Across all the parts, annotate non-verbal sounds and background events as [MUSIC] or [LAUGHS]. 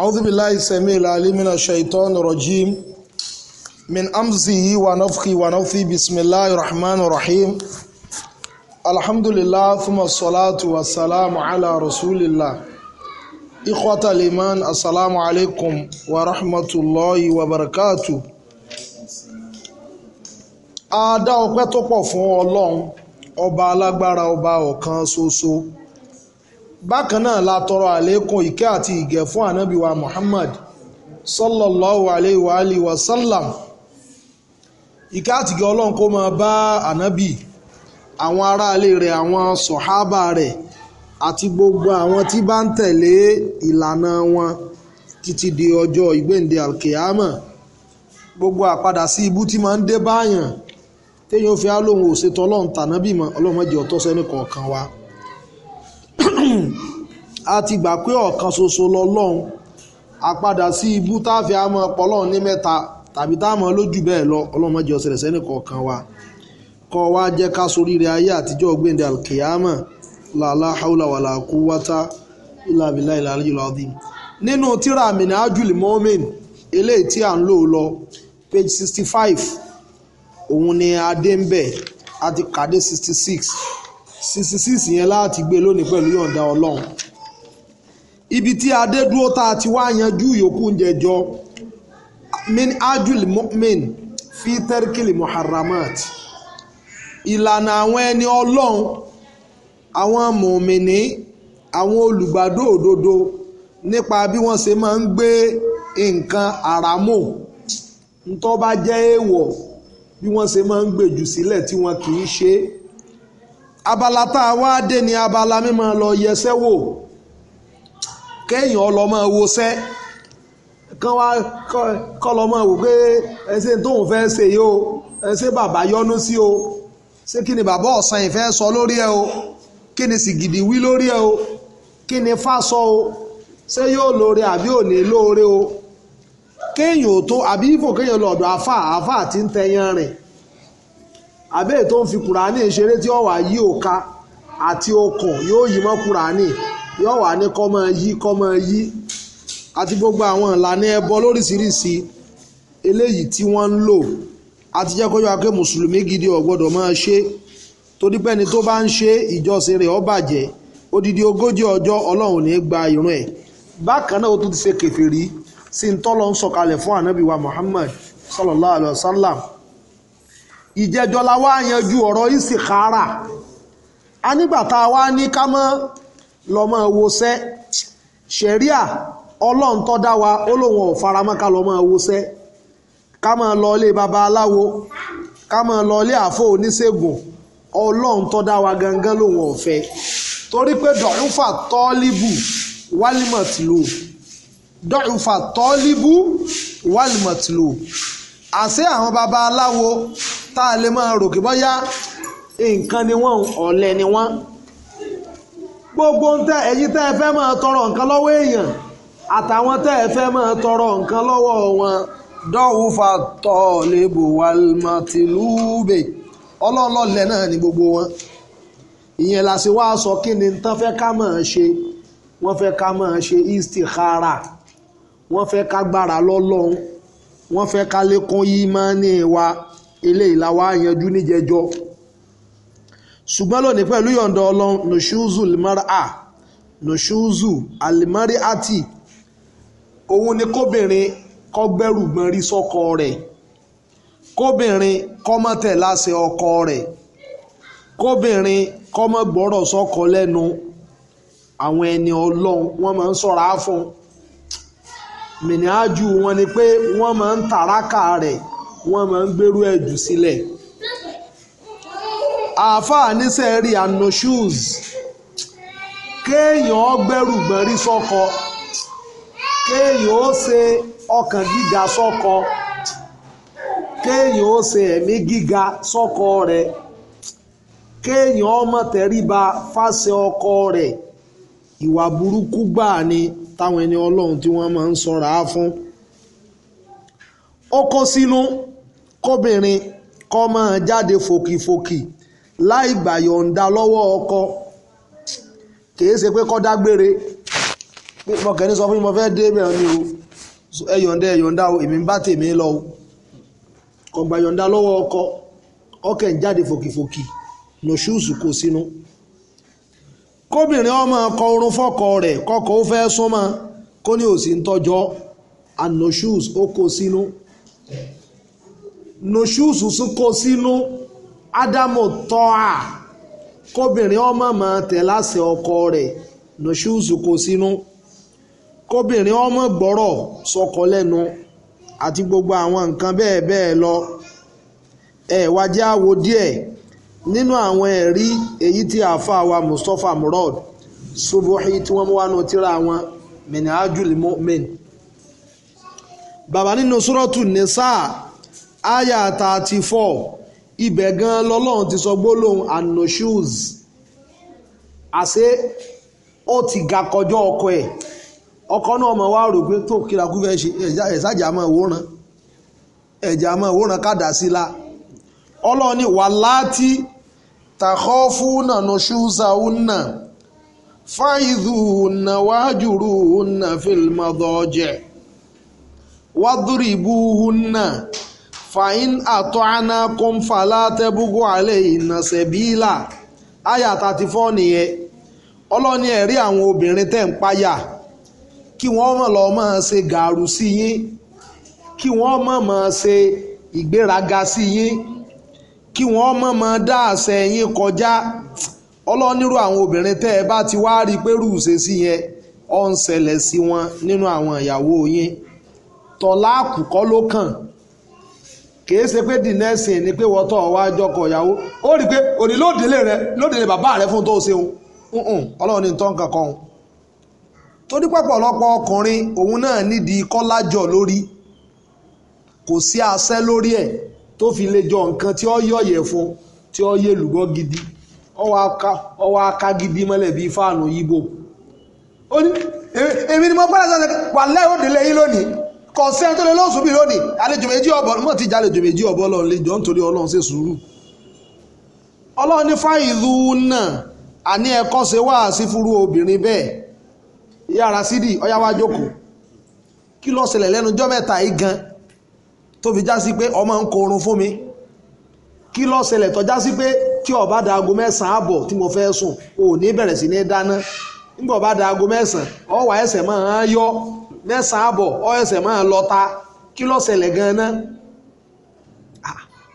أعوذ بالله السميع العليم من الشيطان الرجيم من أمزه ونفخه ونفثه بسم الله الرحمن الرحيم الحمد لله ثم الصلاة والسلام على رسول الله إخوة الإيمان السلام عليكم ورحمة الله وبركاته A dá ọpẹ́ tó pọ̀ fún Ọlọ́run ọba alágbára ọba ọ̀kan ṣoṣo. bákan náà la tọrọ àlékún ìkẹ́ àti ìgẹ̀ fún ànábì Muhammad sallallahu alayhi wa sallam ìkẹ́ àti ìgẹ̀ ọlọ́run kó máa bá ànábì àwọn aráalé rẹ̀ àwọn sọ̀hábà rẹ̀ àti gbogbo àwọn tí bá ń tẹ̀lé ìlànà wọn títí di ọjọ́ ìgbéǹde alkeama, gbogbo àpadà sí ibú tí ma ń dé báyàn téèyàn fi á lóhun òṣètò ọlọ́run tànábì mọ́ ọlọ́run mọ́jẹ́ ọ̀tọ́sẹ́nì kọ̀ọ̀kan wa. a ti gbà pé ọ̀kan ṣoṣo lọ́lọ́run àpadà sí ibú táfi àmọ́ ọpọlọ́run ní mẹ́ta tàbí táàmọ́ lójú bẹ́ẹ̀ lọ ọlọ́run má jẹ́ ó ṣẹlẹ̀ sẹ́nì kọ̀ọ̀kan wa kọ́ wa jẹ́ ká soríire ayé àtijọ́ ọ̀gbẹ́ndẹ̀ alkiyama làlá haúlà wàlà kú wátá ìlàbílà ìlàlíyìlá ọdún nínú tíra àmìnà ajuli mohamed eléyìí tí à ń lò lọ page sixty five òun ni adé ń bẹ̀ àti kàdé sixty six sixty six yẹn láti gbé lónìí pẹ̀lú yọ̀ǹda ọlọ́run ibi tí adédúró tá a ti wá yanjú yòókù ń jẹjọ min ajul mu'min fi tẹ́rkìlì muharramat ìlànà àwọn ẹni ọlọ́run àwọn mùmìnì àwọn olùgbàdo òdodo nípa bí wọ́n ṣe máa ń gbé nǹkan àràmò ntọ́ bá jẹ́ èèwọ̀ bí wọ́n ṣe máa ń gbèjù sílẹ̀ tí wọ́n kì í ṣe é abala tá a wá dé ni abala mímọ́ lọ yẹsẹ́ wò kéèyàn ọlọ́mọ wọṣẹ́ kán wá kọ́lọ́mọ wò pé ẹsẹ̀ tóun fẹ́ ṣe yìí o ẹsẹ̀ bàbá yọ́nú sí o ṣé kí ni bàbá ọ̀sán ìfẹ́ sọ lórí ẹ o kí ni sìgìdì wí lórí ẹ o kí ni fásọ o ṣé yóò lóore àbí ò ní lóore o kéèyàn tó àbí ìfò kéèyàn lọ́dọ̀ àfà àfà àti ń tẹyàn rìn àbẹ́ẹ̀ tó ń fi kùránì ṣeré tí ọ̀wà yí òka àti okùn yóò yí mọ́ kùránì yóò wà ní kọ́ máa yí kọ́ máa yí àti gbogbo àwọn ìlànà ẹbọ lóríṣiríṣi eléyìí tí wọ́n ń lò àti jẹ́ kóyọ́ akẹ́ mùsùlùmí gidi ò gbọ́dọ̀ máa ṣe torí pẹ́ni tó bá ń ṣe ìjọsìn rẹ̀ ó bàjẹ́ odidi ogójì ọjọ́ ọlọ́run ní gba ìrun ẹ̀ bákan náà ó tún ti ṣe kèfèrí sí ń tọ́lọ́ ń sọ̀kalẹ̀ fún ànábì wa Muhammad sallallahu alayhi wa sallam ìjẹjọ́ la wá yanjú ọ̀rọ̀ ìsìkára a nígbà tá a wá ní ká mọ́ lọ́mọ wọṣẹ́ ṣẹ̀ríà ọlọ́run wa ó lóun ò faramọ́ ká lọ́mọ wọṣẹ́ ká máa lọ ilé babaláwo ká máa lọ ilé àfọ oníṣègùn ọlọ́run tó dá wa gangan lòun ọ̀fẹ́ torí pé dọ̀rúfà tọ́líbù wálímọ̀tìlù dọ̀rúfà tọ́líbù wálímọ̀tìlù àṣé àwọn baba aláwo tá a lè máa rò kí bọ́yá nǹkan ni wọ́n ọ̀lẹ ni wọ́n gbogbo tẹ ẹ̀yin tẹ́ ẹ fẹ́ máa tọrọ nǹkan lọ́wọ́ èèyàn àtàwọn tẹ́ ẹ fẹ́ máa tọrọ nǹkan lọ́wọ́ wọn dọ́wù fa tọ́ lébò wàlmàtìlúbè ọlọ́ọ̀lọ́lẹ̀ náà ni gbogbo wọn ìyẹn la ṣe sọ kí ni tán fẹ́ ká máa ṣe wọ́n fẹ́ ká máa ṣe istikhara wọ́n fẹ́ ká gbára lọ́lọ́run wọ́n fẹ́ ká lékún yìí máa ní wa eléyìí làwa yanjú níjẹjọ́ ṣùgbọ́n lónìí pẹ̀lú yọ̀ǹda ọlọ́run nùṣúzù limara nùṣúzù alimari ati òun ni kóbìnrin kọgbẹ́rù gbọ́nrí sọ́kọ rẹ̀ kóbìnrin kọ́mọ́tẹ̀ láṣẹ ọkọ rẹ̀ kóbìnrin kọ́mọ́gbọ́rọ̀ sọ́kọ lẹ́nu àwọn ẹni ọlọ́run wọ́n máa ń sọ̀rọ̀ á fún un mìnìájú wọn ni pé wọn máa ń tàràkà rẹ wọn máa ń gbèrú ẹ̀jù sílẹ̀ àáfàá níṣẹ́ rí àna shoes kéèyàn gbẹ́rù gbẹ̀rí sọ́kọ kéèyàn ó ṣe ọkàn gíga sọ́kọ kéèyàn ó ṣe ẹ̀mí gíga sọ́kọ rẹ̀ kéèyàn ọmọ tẹríba fáṣẹ ọkọ rẹ̀ ìwà burúkú gbà ni táwọn ẹni ọlọ́run tí wọ́n máa ń sọ̀rọ̀ á fún ó kó sínú kóbìnrin kó máa jáde fòkìfòkì láì gbàyọ̀ǹda lọ́wọ́ ọkọ kìí ṣe pé kó dágbére mọ̀kẹ́ni sọ fún mi ni o ẹ ẹ̀yọ̀ǹda o èmi o lọ́wọ́ ọkọ ọkẹ́ ń jáde fòkìfòkì lọ́ṣùṣù kóbìnrin ọmọ kọ orun fọ́kọ rẹ kọkọ ó fẹ́ súnmọ́ kó ní òsì ń and no shoes ó kó sínú no shoes tún kó sínú ádámù tọ́à kóbìnrin ọmọ máa tẹ̀ láṣẹ ọkọ rẹ no shoes kó sínú kóbìnrin ọmọ gbọ́rọ̀ sọkọ lẹ́nu àti gbogbo àwọn nǹkan bẹ́ẹ̀ bẹ́ẹ̀ lọ ẹ̀ wájú àwo díẹ̀ nínú àwọn ẹ̀rí èyí tí àáfàá wa Mustapha Murad Subuhi tí wọ́n mú wá nù tíra wọn Minhajul Mu'min bàbá nínú Suratu Nisa aya thirty four ibẹ̀ gan lọ́lọ́run ti sọ gbólóhùn anoshuz àṣé ó ti ga kọjá ọkọ ẹ̀ ọkọ náà mọ̀ wá rò pé tó kíra kú fẹ́ ṣe ẹ̀jájà máa wòran ẹ̀jà máa wòran kádà sí la. ọlọ́run ní wàláàtì takhafuna nushuzahunna fa'idhuhunna wahjuruhunna fil madaji' wadribuhunna fa'in ata'nakum fala tabghu alayhinna sabila àyà thirty nìyẹn ọlọ́run ẹ̀rí àwọn obìnrin tẹ̀ ń páyà kí wọ́n mọ̀ lọ́ọ́ máa ṣe gàrú sí yín kí wọ́n mọ̀ máa ṣe ìgbéraga sí yín kí wọ́n mọ̀ mọ́ dá àṣẹ yín kọjá ọlọ́nirú àwọn obìnrin tẹ́ ẹ bá ti wá rí i pé rúùsẹ̀ sí yẹn ọ̀ ń ṣẹlẹ̀ sí wọn nínú àwọn ìyàwó yín tọ́láàkù kọ́ ló kàn kìí ṣe pé the nursing ni pé wọ́n tọ́ ọ wá jọkọ̀ ìyàwó ó rí i pé òní lódìlé rẹ lódìlé bàbá rẹ fún tó ṣeun ọlọ́run ní tán kankan òun torí pọ̀pọ̀lọpọ̀ ọkùnrin òun náà nídìí kọ́lájọ lórí kò sí asẹ́ lórí ẹ̀ tó fi lè jọ nǹkan tí ó yọ̀yẹ̀ fún tí ó yẹ lùgbọ́ gidi ọwọ́ aká gidi mọ́lẹ̀ bíi fáànù yíbò ó ní èmi ni mo gbọ́dọ̀ sọ́sẹ́ wà lẹ́yìn òde lẹ́yìn lónìí kò sẹ́ni tó lè lóṣù bíi lónìí àlejò méjì ọ̀bọ mọ̀ tí ìjà àlejò méjì ọ̀bọ lọ lè jọ nítorí ọlọ́run ṣe sùúrù ọlọ́run ní fáìlú náà àní ẹ̀kọ́ ṣe wá sí fúrú obìnrin bẹ́ẹ̀ yára sídìí ọyá wá jókòó kí ló ṣẹlẹ̀ lẹ́nu jọ́ mẹ́ta yìí gan-an tó fi já sí pé ọmọ ń korun fún mi kí ló ṣẹlẹ̀ tó já sí pé tí ó bá da aago mẹ́sàn-án àbọ̀ tí mo fẹ́ sùn ò ní bẹ̀rẹ̀ sí ní dáná nígbà ó bá da aago mẹ́sàn-án ó wá ẹsẹ̀ máa ń yọ mẹ́sàn-án àbọ̀ ó ẹsẹ̀ máa ń lọta kí ló ṣẹlẹ̀ gan-an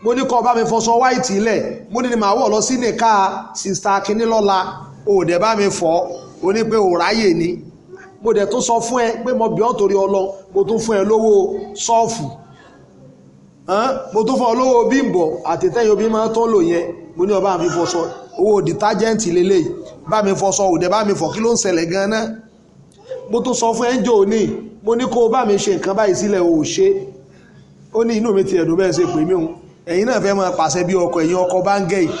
mo ní kó bá mi fọṣọ wáìtì ilẹ̀ mo ní ni màá wọ̀ lọ sí nìka sista kínní lọ́la ò dẹ̀ bá mi fọ́ ó ní pé ò ráyè ni mo dẹ̀ tún sọ fún ẹ pé mo bí ọ́ torí ọlọ mo tún fún ẹ lówó ṣọ́ọ̀fù mo tó fọ́ olówó bímbọ̀ àtẹ̀tẹ̀yìn obìnrin máa tó lò yẹn mo ní ọba mi fọṣọ owó dìtájẹ́ǹtì lélẹ́yìí bá mi fọṣọ òdẹ bá mi fọ kí ló ń ṣẹlẹ̀ gan-an mo tó sọ fún ẹnjọ òní mo ní kó o bá mi ṣe nǹkan báyìí sílẹ̀ o ò ṣe ó ní inú mi ti ẹ̀dùn bẹ́ẹ̀ ṣe pè mí òun ẹ̀yin náà fẹ́ máa pàṣẹ bí ọkọ ẹ̀yin ọkọ bá ń gẹ̀ yìí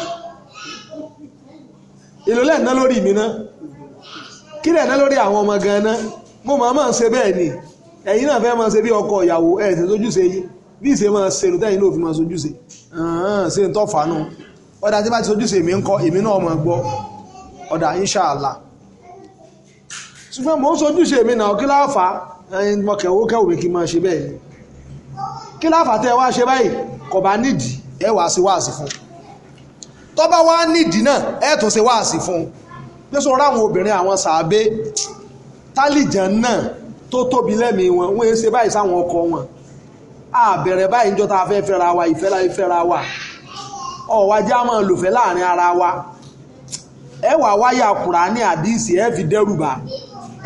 èlò lẹ́ẹ̀ná lórí mi náà kí lẹ́ẹ̀ná lórí àwọn ọmọ gan-an mo máa máa ń ṣe bẹ́ẹ̀ ni ẹ̀yin náà fẹ́ máa ṣe bí ọkọ ìyàwó bí ìṣe máa ṣe ló tẹ́yìn ló fi máa sojúṣe ṣe ń tọ́fà nù ọ̀dà tí bá ti sojúṣe èmi ń kọ́ èmi náà mọ̀ gbọ́ ọ̀dà inṣàlá ṣùgbọ́n mò ń sojúṣe èmi náà kí láàfà mọ̀kẹ̀wó kẹ́wò kí máa ṣe bẹ́ẹ̀ kí láàfà tẹ́ wá ṣe báyìí kò bá nídìí ẹ wàá sí wáàsí fún tó bá wá nídìí náà ẹ tún ṣe wáàsí fún pé sọ ráwọn obìnrin àwọn sàábé tálìjàn náà tó tóbi lẹ́mìí wọn wọ́n ṣe báyìí sáwọn ọkọ wọn àbẹ̀rẹ̀ báyìí níjọ́ tá a fẹ́ fẹ́ra wa ìfẹ́ láì fẹ́ra wa ọ̀wá já máa lòfẹ́ láàrin ara wa ẹ wà wáyà Kùránì àdìsí ẹ fi dẹ́rùbà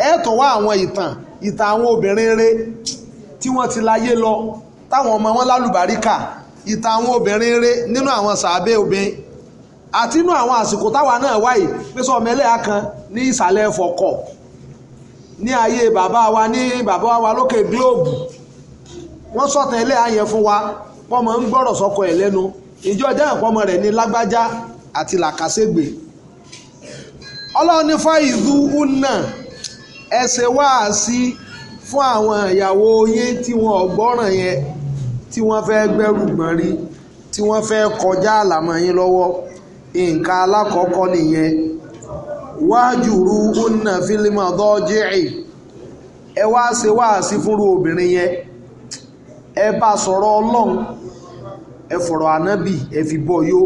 ẹ tún wá àwọn ìtàn ìtàn àwọn obìnrin rere tí wọ́n ti láyé lọ táwọn ọmọ wọn lálùbáríkà ìtàn àwọn obìnrin rere nínú àwọn sàábé obìnrin àti inú àwọn àsìkò táwa náà wáyé pé sọ ọmọ ẹlẹ́yà kan ní ìsàlẹ̀ fọkọ̀ ní ayé bàbá wa ní bàbá wa lókè gílóòbù wọ́n sọ̀tàn ẹlẹ́ àyẹ̀ fún wa wọ́n mọ̀ ń gbọ́rọ̀ sọ́kọ ẹ̀ lẹ́nu ìjọ ìdáhùn pọ́mọ rẹ̀ ní lágbájá àti làkàṣègbè ọlọ́run ní fáìzú una ẹ ṣe wáàsí fún àwọn ìyàwó yín tí wọn ò gbọ́ràn yẹn tí wọ́n fẹ́ gbẹ́rù gbọ́n rí tí wọ́n fẹ́ kọjá àlàmọ́ yín lọ́wọ́ nǹkan alákọ̀ọ́kọ́ nìyẹn wájúrú una fílímù ọ̀dọ́ jẹ́rì ẹ wá ṣe wáàsí fúnrú obìnrin yẹn ẹ bá sọ̀rọ̀ ọlọ́run ẹ fọ̀rọ̀ ànábì ẹ fi bọ́ yó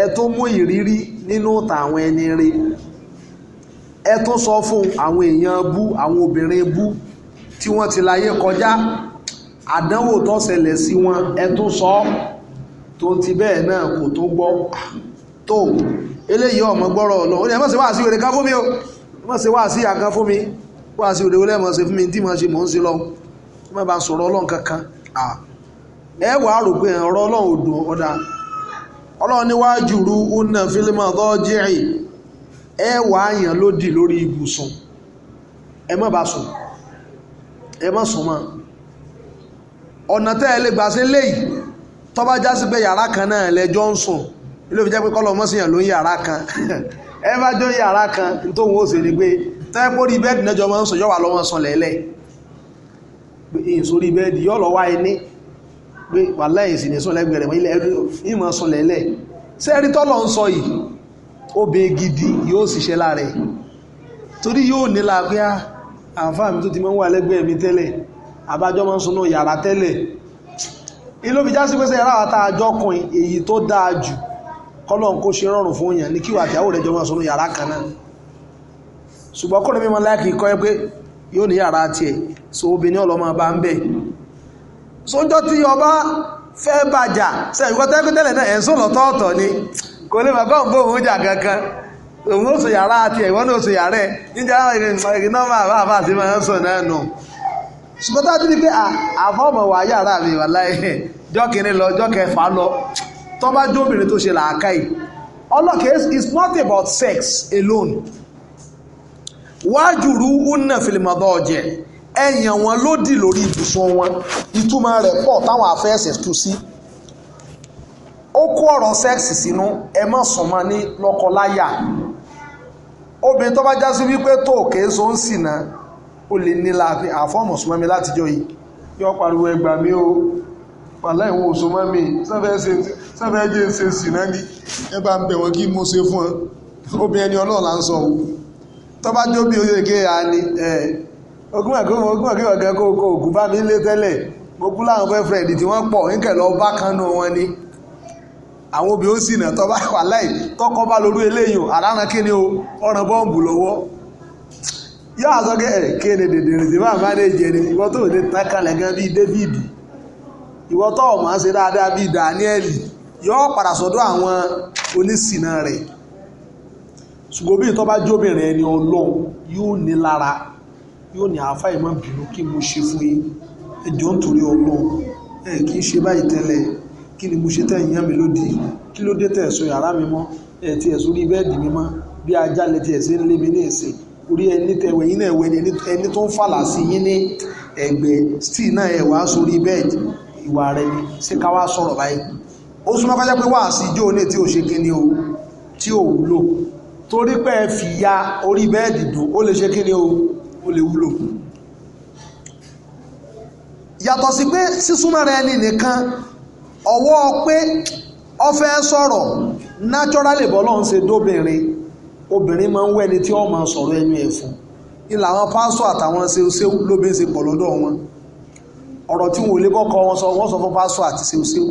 ẹ tó mú ìrírí nínú ìta àwọn ẹni rẹ ẹ tó sọ fún àwọn èèyàn bú àwọn obìnrin bú tí wọ́n ti láyé kọjá àdánwò tó ṣẹlẹ̀ sí wọn ẹ tó sọ tó ti bẹ́ẹ̀ náà kò tó gbọ́ tó eléyìí ọmọ gbọ́rọ̀ ọlọ́run ó ní ẹ má ṣe wá sí òde ká fún mi o má ṣe wá sí àká fún mi wá sí òde ó lẹ́mọ̀ ṣe fún mi tí mo ṣe mò ń ṣe lọ́wọ́ tí wọ́n bá ń sọ̀rọ̀ ọlọ́run kankan ẹ wà á rò pé ọ̀rọ̀ ọlọ́run ò dùn ọ̀dà ọlọ́run níwájú ru una fílímù ọ̀dọ́jìrì ẹ wà á yàn lódì lórí ibùsùn ẹ má bá sùn ẹ má sùn mọ́ ọ̀nà tẹ́ ẹ lè gbà sí léyìí tó já sí pé yàrá kan náà lẹ́jọ́ ń sùn ilé òfin jẹ́ pé kọ́lọ́ mọ́síyàn ló ń yàrá kan [LAUGHS] ẹ bá jọ yàrá kan tó ń wò sí ni pé tẹ́pọ̀ rí bẹ́ẹ̀dì náà jọ máa ń sùn yọ̀wà lọ́wọ́ sùn lẹ́lẹ́ẹ̀ pé èyí sórí bẹ́ẹ̀dì yọ́ lọ wá ẹni pé wà láìsí ní sọ́lẹ́gbẹ̀ rẹ̀ ilẹ̀ ìmọ̀ sọlẹ̀lẹ̀ sẹ́rí tọ́lọ̀ ń sọ yìí obè gidi yóò ṣiṣẹ́ lára ẹ̀ torí yóò nílà pé ah, àǹfà mi tó ti mọ́ wà lẹ́gbẹ̀ẹ́ mi tẹ́lẹ̀ àbájọ́ mọ́ súnú yàrá tẹ́lẹ̀ ilóbi yóò ní yàrá tiẹ̀ so obìnrin ọlọ́mọ bá ń bẹ̀ sójọ́ tí ọba fẹ́ bàjà sẹ́yìnkọ́ tẹ́kọ́tẹ́lẹ̀ náà ẹ̀sùn lọ́tọ̀ọ̀tọ̀ ni kò lè bàbá òun bó òun jà kankan òun ó sọ yàrá tiẹ̀ ìwọ́n ó sọ yàrá ẹ̀ níjà ìrìn nọ́mbà àbá náà nù it's not about sex alone wájúrú una fìlìmọ̀dọ́ ọ̀jẹ̀ ẹ̀yàn wọn ló dì lórí ibùsùn wọn ìtumọ̀ rẹ̀ pọ̀ táwọn afẹ́ẹ̀sẹ̀ tú sí ó kó ọ̀rọ̀ sẹ́ẹ̀sì sínú ẹ má sùn mọ́ ní lọ́kọláyà obìnrin tó bá já sí wípé tó òkè so ń sì náà ó lè ní láàfin àfọ́ọ̀mù súnmọ́ mi látijọ́ yìí yọ pariwo ẹgbà mi o pàlá ìwọ̀n òṣò mọ́ mi sẹ́fẹ́ jẹ́ ń ṣe sì náà ní ẹ bá ń bẹ̀ wọ́n kí mo ṣe fún ọ obìnrin ẹni ọlọ́ọ̀lá ń sọ tọba jóbi oyè oye ni ogún ògùn bá mi lé tẹ́lẹ̀ gbogbo láwọn tí wọ́n pọ̀ lọ bá wọn ni àwọn obì ó sì nà tọ́ba [LAUGHS] wà láì tọ́kọ́ bá lórí eléyìí àdáná kí ni o ọ̀ràn bọ́ǹbù lọ́wọ́ yóò àzọ ẹ kí ni dèdè rìn sí máa jẹ ni ìwọ tó lè kalẹ̀ gan bíi David ìwọ tó ṣe dáadáa bíi Daniel ṣùgbọ́n bí ìtọ́ bá jóbìnrin ẹni ọlọ́run yóò ní lára yóò ní àáfà ìmọ̀ bínú kí mo ṣe fún yín ẹjọ́ ń torí ọlọ́run ẹ kì í ṣe báyìí tẹ́lẹ̀ kí ni mo ṣe tẹ̀yìn yán mi lódì kí ló dé tẹ̀sọ yàrá mi mọ́ ẹ ti ẹ̀sùn orí bẹ́ẹ̀dì mi mọ́ bí ajá lẹ ti ẹ̀sìn lé mi ní ìsìn orí ẹni tẹ̀wẹ̀ yín náà wẹ̀ ẹni tó ń fàlà sí yín ní ẹ̀gbẹ́ ni ṣé ká wá sọ̀rọ̀ báyìí tí ò tí ò wúlò torí pé ẹ fìyà orí bẹ́ẹ̀dì dùn ó lè ṣe kí ni o ó lè wúlò yàtọ̀ sí pé sísúnmọ́ rẹ ní nìkan ọwọ́ pé ó fẹ́ sọ̀rọ̀ naturally bọ́lọ́ ń ṣe dóbìnrin obìnrin máa ń wẹ́ni tí ó máa sọ̀rọ̀ ẹnu ẹ̀ fún ni làwọn pásítọ̀ àtàwọn ṣeúṣeú lóbi ń ṣe pọ̀ lọ́dọ̀ wọn ọ̀rọ̀ tí wọn ò lè bọ́kọ wọn sọ wọ́n sọ fún pásítọ̀ àti ṣeúṣeú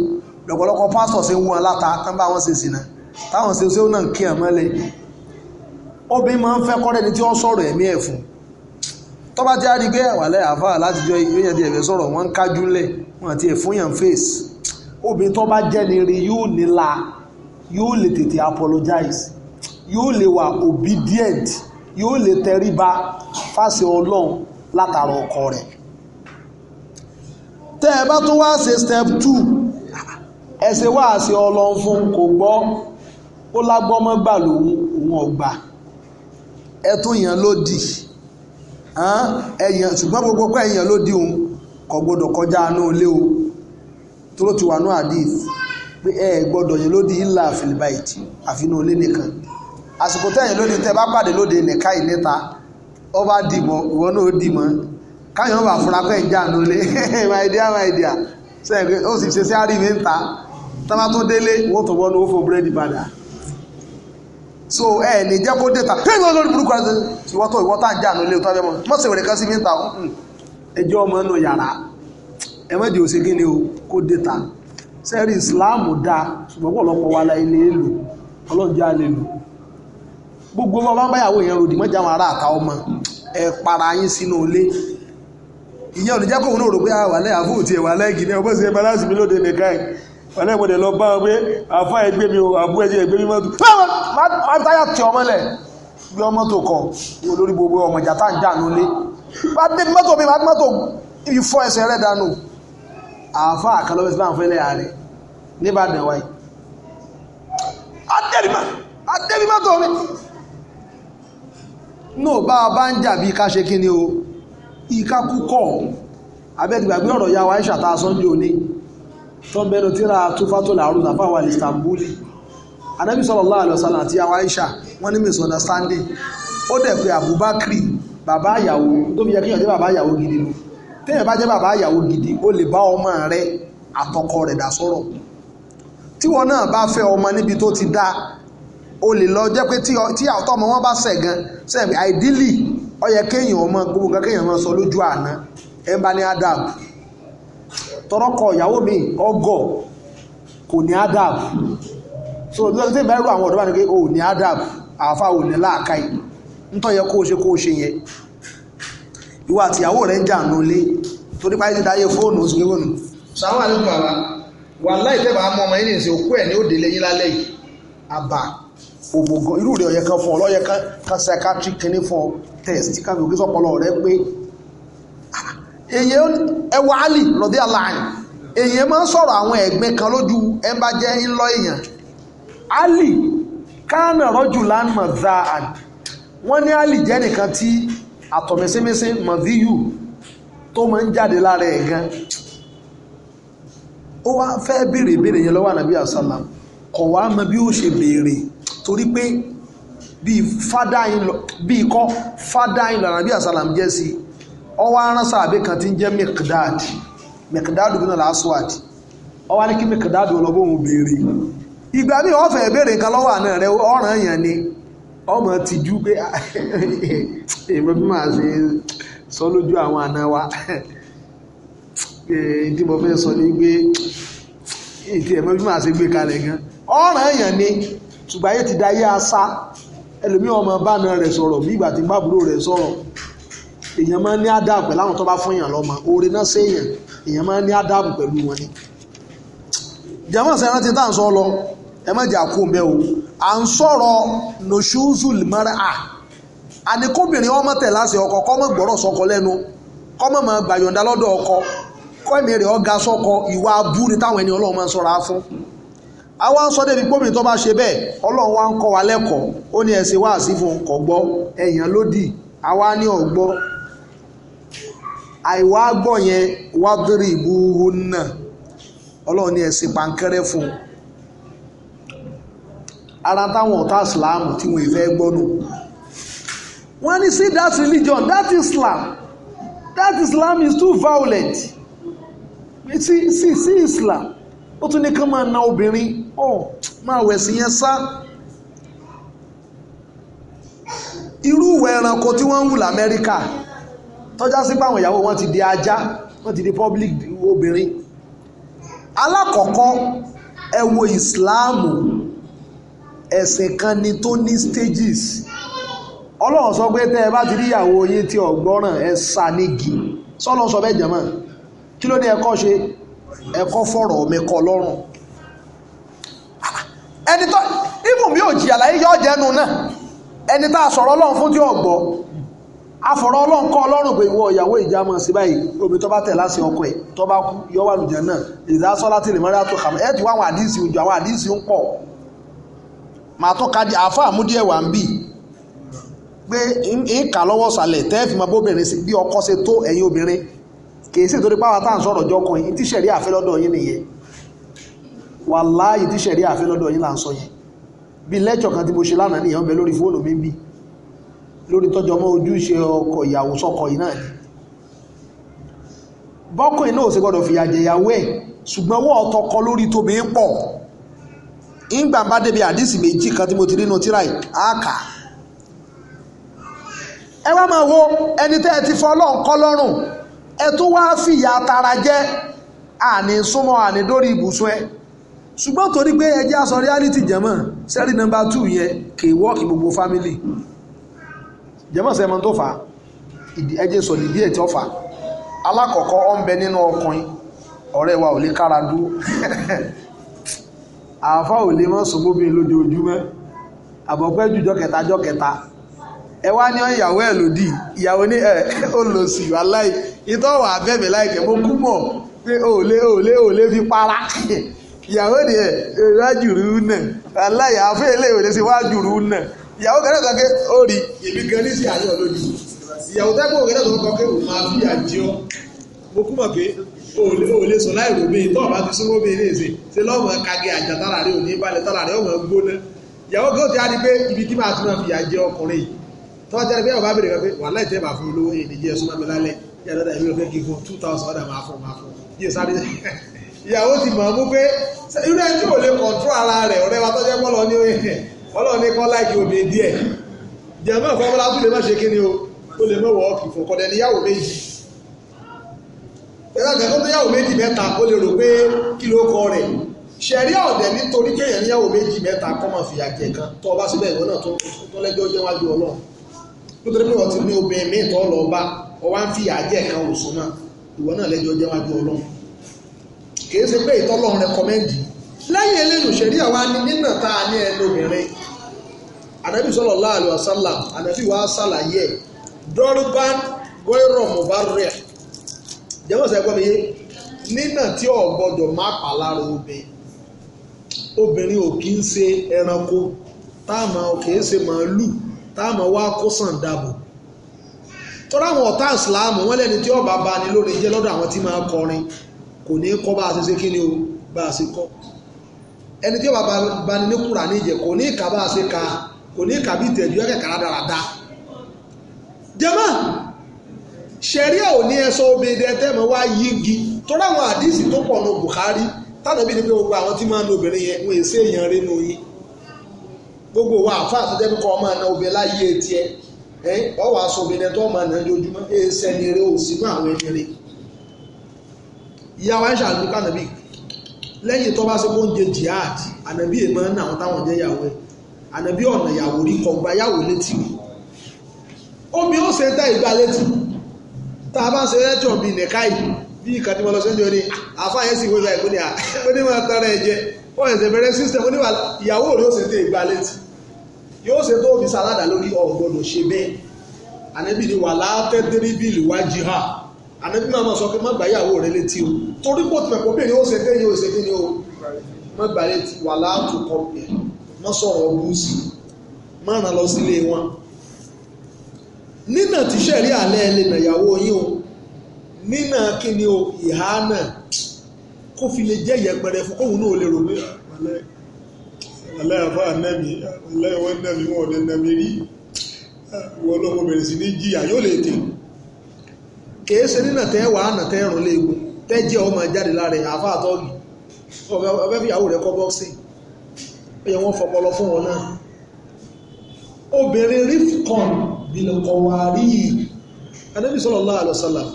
lọ́pọ̀lọpọ̀ pásítọ̀ ṣe ń wọ́n láta tán bá wọn ṣe sìnà táwọn ṣeúṣeú náà kí ẹ̀ mọ́lẹ̀ obìnrin máa ń fẹ́ kọ́rẹ́ ni tí wọ́n sọ̀rọ̀ ẹ̀mí ẹ̀ fún tó bá ti á rí pé àwàlẹ́ àfà látijọ́ ìgbéyàn ti ẹ̀fẹ́ sọ̀rọ̀ wọ́n ń kájú lẹ̀ wọ́n àti ẹ̀fúnyàn face obìnrin tó bá jẹ́ ni rí yóò nílà yóò lè tètè apologize yóò lè wà obedient yóò lè tẹríba fáṣẹ ọlọ́run látara ọkọ rẹ̀ tẹ́ ẹ bá tún wá ṣe step two ẹ̀ṣẹ̀ wá ṣe ọlọ́run fún kò gbọ́ ó lágbọ́mọ́gbà lòun òun ọ̀gbà ẹtún yàn lódì ẹyàn ṣùgbọ́n gbogbo pé ẹyàn lódì òun kò gbọdọ̀ kọjá inú ilé o tó ló ti wà ní hadith pé ẹ gbọdọ̀ yàn lódì illa fil bait àfinú ilé nìkan àsìkò tẹ̀yìn lódì tẹ bá pàdé lóde nìka yìí níta ó bá dìmọ̀ ìwọ náà ó dìmọ̀ káyọ̀ bá fura pé ìjà inú ilé [LAUGHS] my dear my dear sẹ́yìn ó sì ṣe sí àríwí ń ta tọ́mátó délé wọ́n tó wọ́n ní ó fọ búrẹ́dì padà. so ẹ lè jẹ́ kó dẹ́ta pé ìwọ lórí burúkú àti ìwọ́tọ̀ ìwọ́tà ń jà ní ilé ìtọ́ abẹ́mọ́ mọ́sẹ̀ wẹ̀rẹ̀ kan sí mi yàrá kí ni o kó dẹ́ta sẹ́rí ìsìláàmù dáa ṣùgbọ́n pọ̀lọpọ̀ wa la ilé lò gbogbo ọmọ bá ń yẹn ròdì mọ́jà wọn ará àta ọmọ ọlẹ́gbẹ̀dẹ̀ lọ bá wọn pé àfá ẹgbẹ́ mi o àbú ẹjẹ́ ẹgbẹ́ mi mọ́tò táyà tí ọmọ lẹ̀ bí ọmọ tó kọ olórí gbogbo ọmọ ìjà tá ń jà nulé bá dé mọ́tò mi máa mọ́tò ìfọ ẹsẹ̀ rẹ̀ dànù àfá àkàlọ́wẹ́ sí báńfẹ́ lẹ́yà rẹ̀ níbàdàn wáyé adẹ́rìmọ́ adẹ́rìmọ́ tó mi nù bá a bá ń jà bí ká ṣe kí ni o ìkákú kọ̀ abẹ́gbàgbé ọ̀rọ̀ ya wa ìṣàtà sọ́njú òní tó ń bẹnu tíra túfátò làárù nàfàwà Istanbuli anábì sallallahu alaihi wasallam àti àwọn Aisha wọ́n ní misunderstanding ó dẹ̀ pé Abubakri bàbá àyàwó tó fi yẹ kíyàn jẹ́ bàbá àyàwó gidi nu téèyàn bá jẹ́ bàbá àyàwó gidi ó lè bá ọmọ rẹ̀ àtọkọ rẹ̀ dà sọ̀rọ̀ tí wọn náà bá fẹ́ o lè lọ jẹ́ pé tí àtọ́ ọmọ wọn bá ṣẹ̀ gan ṣẹ̀ àìdílì ó yẹ kéèyàn ọmọ gbogbo nǹkan tọrọkọ ìyàwó mi ọgọ̀ kò ní adab so tí ìbá àwọn ọ̀dọ́ ní pé o ní adab àáfà ò ní láàkáì nítọ́ yẹ kó o ṣe kó o ṣe ìwà rẹ̀ ń jà nù lé torí páyé fóònù oṣù gbégbónù sàwọn wà láì tẹ́ mọ ọmọ nìsín òkú ẹ̀ ní òde lẹ́yìn lálẹ́ yìí òbògàn irú rẹ̀ ọ̀yẹ kan fún ọ lọ́yẹ èyí ẹwà Ali rọ̀dí aláàyè èyí máa ń sọ̀rọ̀ àwọn ẹ̀gbin kan lójú ẹ̀ ń bá èèyàn Ali kánà rọ́jù lánà mọ̀dá àdì wọ́n ní Ali jẹ́ nìkan tí àtọ̀mẹ́sẹ́mẹ́sẹ́ mọ̀díyù tó máa ń jáde lára ẹ̀ gan ó wá fẹ́ béèrè béèrè yẹn lọ́wọ́ ànàbí àsálàm kọ̀ wá mọ bí ó ṣe béèrè torí pé bíi fada in lọ bíi kọ́ fada in lọ ànàbí àsálàm jẹ́ sí i Ọwa wá rán sàbẹ̀ kan tí ń jẹ́ Miqdad Miqdad bin al-Aswad ọ wá ní kí Miqdad ọlọ́gbọ̀n béèrè ìgbà míì wọ́n béèrè nǹkan àná ni ọmọ ti ju pé [LAUGHS] èmi bí màá ṣe sọ lójú àwọn àná wa [LAUGHS] tí mo fẹ́ sọ ní gbé ìtì ẹ̀mọ́ bí màá ṣe gbé kalẹ̀ gan ni ṣùgbọ́n ayé da ayé asá ọmọ sọ̀rọ̀ bí ìgbà tí èèyàn máa ń ní ádàbù pẹ̀lú àwọn tó bá fún èèyàn lọ́mọ oore náà sí èèyàn èèyàn máa ní ádàbù pẹ̀lú wọn ni. jẹ́mọ̀ sẹ́ rántí tá à ń sọ lọ ẹ má jẹ́ àkó mbẹ́ o à ń sọ̀rọ̀ mara à àníkóbìnrin ọmọ tẹ̀ ọkọ kọ́ sọkọ lẹ́nu kọ́ ọkọ kọ́ ẹ̀mí sọkọ ìwà abú ni táwọn ẹni ọlọ́run máa ń sọ̀rọ̀ á fún àwa ń sọ débi àìwá gbọ́ yẹn wádìrì ìbúhú náà ọlọ́run ní ẹ̀sìn pankẹ́rẹ́ fún un ara táwọn ọ̀tá ìsìláàmù tí wọ́n ìfẹ́ gbọ́nù wọ́n ní see that religion that Islam that Islam is too violent see see see Islam ó tún ní kán máa na obìnrin ọ máa wẹ̀sìn yẹn sá irú ìwẹ̀ ẹranko tí wọ́n ń wù lamẹ́ríkà tọ́já sí páwọn ìyàwó wọn ti di ajá wọ́n ti di public obìnrin alákọ̀ọ́kọ́ ẹ wo ìsìláàmù ẹ̀sìn kan ni tó ní stages ọlọ́run sọ pé tẹ́ ẹ bá ti rí ìyàwó yín tí ọ̀gbọ́ràn ẹ sá nígi sọ́lọ́ sọ bẹ́ẹ̀ jẹ́mọ́ kí ló ní ẹ̀kọ́ ṣe ẹ̀kọ́ fọ̀rọ̀ mẹ́kọ́ lọ́rùn ẹni tó ibùn mi ò jìyà láyé yọ jẹnu náà ẹni tá a sọ̀rọ̀ ọlọ́run fún tí ọ̀gbọ́ afọ̀rọ̀ ọlọ́run kọ́ ọlọ́run pé ìwọ ìyàwó ìjà mọ̀ sí báyìí omi tó bá tẹ̀ láti ọkọ ẹ̀ tó bá kú yọ wà lùjẹ́ náà ìdásọ́ láti lè mọ́ra tó kà ẹ̀ tí wọ́n àwọn àdísì ojú àwọn àdísì ń pọ̀ màá tó ka àfa àmúdíẹ̀ wà ń bì pé ń kà lọ́wọ́ sàlẹ̀ tẹ́ fi máa bóbìnrin sí bí ọkọ ṣe tó ẹ̀yin obìnrin kì í sì torí pàwọn táà ń sọ̀rọ̀ jọkùnrin tíṣẹ̀rí àfẹ́ lọ́dọ̀ yín nìyẹn wàláhì tíṣẹ̀rí àfẹ́ lọ́dọ̀ yín là ń sọ yẹn bí lẹ́jọ̀ kan tí mo ṣe lánàá nìyẹn ń bẹ lórí fóònù mi ń bì lórí tọ́jọ́ mọ́ ojúṣe ọkọ ìyàwó sọ́kọ yìí náà ni bọ́kùnrin náà sì gbọ́dọ̀ fìyà jẹ ìyàwó ẹ̀ ṣùgbọ́n wọ́n ọ̀tọ̀kọ lórí tóbi ń pọ̀ ìgbà bá débi àdísì méjì kan tí mo ti nínú tíra yìí àkà ẹ wá máa wo ẹni tẹ́ ẹ ti fọ́ ọlọ́run kọ́ lọ́rùn ẹ tún wá fìyà tara jẹ́ àní súnmọ́ àní dórí ibùsùn ẹ ṣùgbọ́n torí pé ẹ aṣọ reality jẹ̀mọ́ sẹ́rí nọ́mbà two yẹn kì í wọ́ọ̀kì gbogbo family jẹ́mọ̀sẹ̀ mọ́ tó fà á ẹjẹ́ sọ ní díẹ̀ tí ó fà á alákọ̀ọ́kọ́ ó ń bẹ nínú ọkùnrin ọ̀rẹ́ wa ò lè kára dúró [LAUGHS] àáfà ò lè mọ́ sọ bóbi lójoojúmọ́ àbọ̀pẹ́ jùjọ kẹta jọ kẹta ẹ wá ní ìyàwó ẹ lòdì ìyàwó ní ẹ ó lọ sí ìwà láì ìtọ́wọ̀ abẹ́bẹ̀ láìkẹ́ mo kú mọ̀ pé òòlé òòlé òòlé fi para [LAUGHS] ìyàwó ni ẹ wájú rú náà aláìyàwó ilé ìwé sí wájú rú náà ìyàwó kan náà sọ pé ó rí èmi gan ní sí àyọ̀ lójú ìyàwó tẹ́gbọ̀n kan náà sọ pé ó máa fi àjẹ́ ọ mo kú mọ̀ pé o lè sọ láì rògbé tó ọba ti súnmọ́ bí ilé ìsìn ṣe lọ́mọ kage àjà tára rẹ òní balẹ̀ tára rẹ ọmọ gbóná ìyàwó kan ti á di pé ibi tí máa tún máa fi àjẹ́ ọkùnrin yìí tọ́ jẹ́ pé ọba bèrè kan pé wàhálà ìtẹ́ bá fún olówó èdè jẹ́ súnmọ́ mi lálẹ́ yàtọ̀ ìlú fẹ́ kí fún two thousand ọ̀dà máa fún máa fún yíyẹ sáré [LAUGHS] ìyàwó ti mọ̀ ọ́n mú pé irú ẹni tí ò lè kọ̀ọ̀tún ara rẹ̀ ọ̀rẹ́ wa tọ́jú ẹ̀ ọlọ́run ní kọ́ láìkí òbí díẹ̀ jẹ̀mọ́ ìfọwọ́lá tó lè má ṣe kí ni o ó lè mọ́ wọ́ọ̀kì fún kọ́dẹ̀ níyàwó méjì ẹ̀rọ àgbẹ̀kọ́ tó yàwó méjì mẹ́ta ó lè rò pé kí ló kọ rẹ̀ ṣẹ̀rí ọ̀dẹ̀ nítorí kéèyàn níyàwó méjì mẹ́ta kọ́ máa fìyà jẹ kan tó ọba síbẹ̀ ìwọ náà tó lẹ́jọ́ jẹ́ wájú ọlọ́run nítorí pé wọ́n ti ní obìnrin míì tó lọ bá ọwá ń fìyà jẹ kan òsùn náà ìwọ náà lẹ́jọ́ jẹ́ lẹ́yìn eléyìí ṣẹ̀rí àwa ni nínà tá a ní ẹnu obìnrin anabi sallallahu alaihi wasallam anabi wa ṣàlàyé dọ́rùbán gbọ́rọ̀ mọ̀bárẹ̀ jẹ́wọ́ sẹ́gbọ́n mi yé nínà tí ò gbọ́dọ̀ má pa lára obìnrin obìnrin ò kí ń ṣe ẹranko táàmà òkè ń ṣe màálù táàmà wá kó sàn dàbò tọ́lá àwọn ọ̀tá ìsìláàmù wọ́n lẹ́ni tí ọba bá ní lórí jẹ́ lọ́dọ̀ àwọn tí máa kọrin kò ní kọ́ bá a ṣe ṣe kí ni o bá a ṣe kọ́ ẹni tí ọba bá ní kúrà ní ìjẹ́ kò ní ìka bá a ṣe ka kò ní kàbí ìtẹ̀jú ẹ̀kẹ̀kẹ̀ rádaràda jẹ́mọ́ ṣẹ̀rí ò ní ẹsọ obìnrin ẹtẹ́mọ̀ wá yígi tó ráwọn àdìsí tó pọ̀ nù Bukhari táwọn ibi ni pé gbogbo àwọn tí máa ń lo obìnrin yẹn wọ́n èsè èèyàn rí nu yín gbogbo wa àfa àtúntẹ́ bí kò ọmọ àna obìnrin láyé etí ẹ ẹ ọwọ́ aṣọ obìnrin tó ọmọ àna ojoojúmọ́ èsè ni eré òsì náà àwọn ẹni ìyá wa ń ṣàlùkọ́ ànàbí lẹ́yìn tó bá ṣe kó ń jẹ jihad ànàbí èèmọ́ náà àwọn táwọn jẹ́ ìyàwó ẹ̀ ànàbí ọ̀nà ìyàwó rí kọ gba yàwó létí omi ó ṣe tẹ́ ìgbà létí tá a bá ṣe rẹ́jọ̀ bíi nìka yìí bí ìkà tí mo lọ sẹ́jọ́ ni àfáàyè sì wéwà ìkó ni onímọ̀ tara ẹ̀jẹ̀ wọ́n ẹ̀sẹ̀ bẹ̀rẹ̀ system onímọ̀ ìyàwó rí ó ṣe tẹ́ ìgbà létí yóò ṣe tó fi sàládà lórí ọ̀gbọ́dọ̀ ṣe bẹ́ẹ̀ ànàbí ni wà látẹ́tẹ́rí bíìlì wájú hà ànàbí máa sọ pé má gbà yàwó rẹ létí o torí pò tìmẹ̀pọ̀ bẹ́ẹ̀ ni ó ṣe tẹ́ yóò ṣe kí o má gbà létí wà látùkọ̀ bẹ́ẹ̀ má sọ̀rọ̀ búùsì má ràn lọ sílé wọn nínà tí sẹ́rí alẹ́ lè nàyàwó yín o nínà kí ni o ìhá náà kó fi lè jẹ́ ìyẹpẹrẹ fún kóhun náà lè rò pé alẹ́ àbá nẹ́mi alẹ́ ìwọ́n nẹ́mi wọn ọ̀dẹ nẹ́mi rí wọn lọ́mọ bẹ̀rẹ̀ sí ní jìyà yóò lè tè kìí ṣe nínà tẹ́ wàá nà tẹ́ rùn léegun tẹ́ jẹ́ ọmọ jáde lára àfa àtọ́gì ọ̀fẹ́ fìyàwó rẹ̀ kọ́ bọ́ọ̀sì ẹ̀yẹ wọ́n fọpọlọ fún wọn náà obìnrin rifcon bilokowari anábì sallallahu alaihi wasallam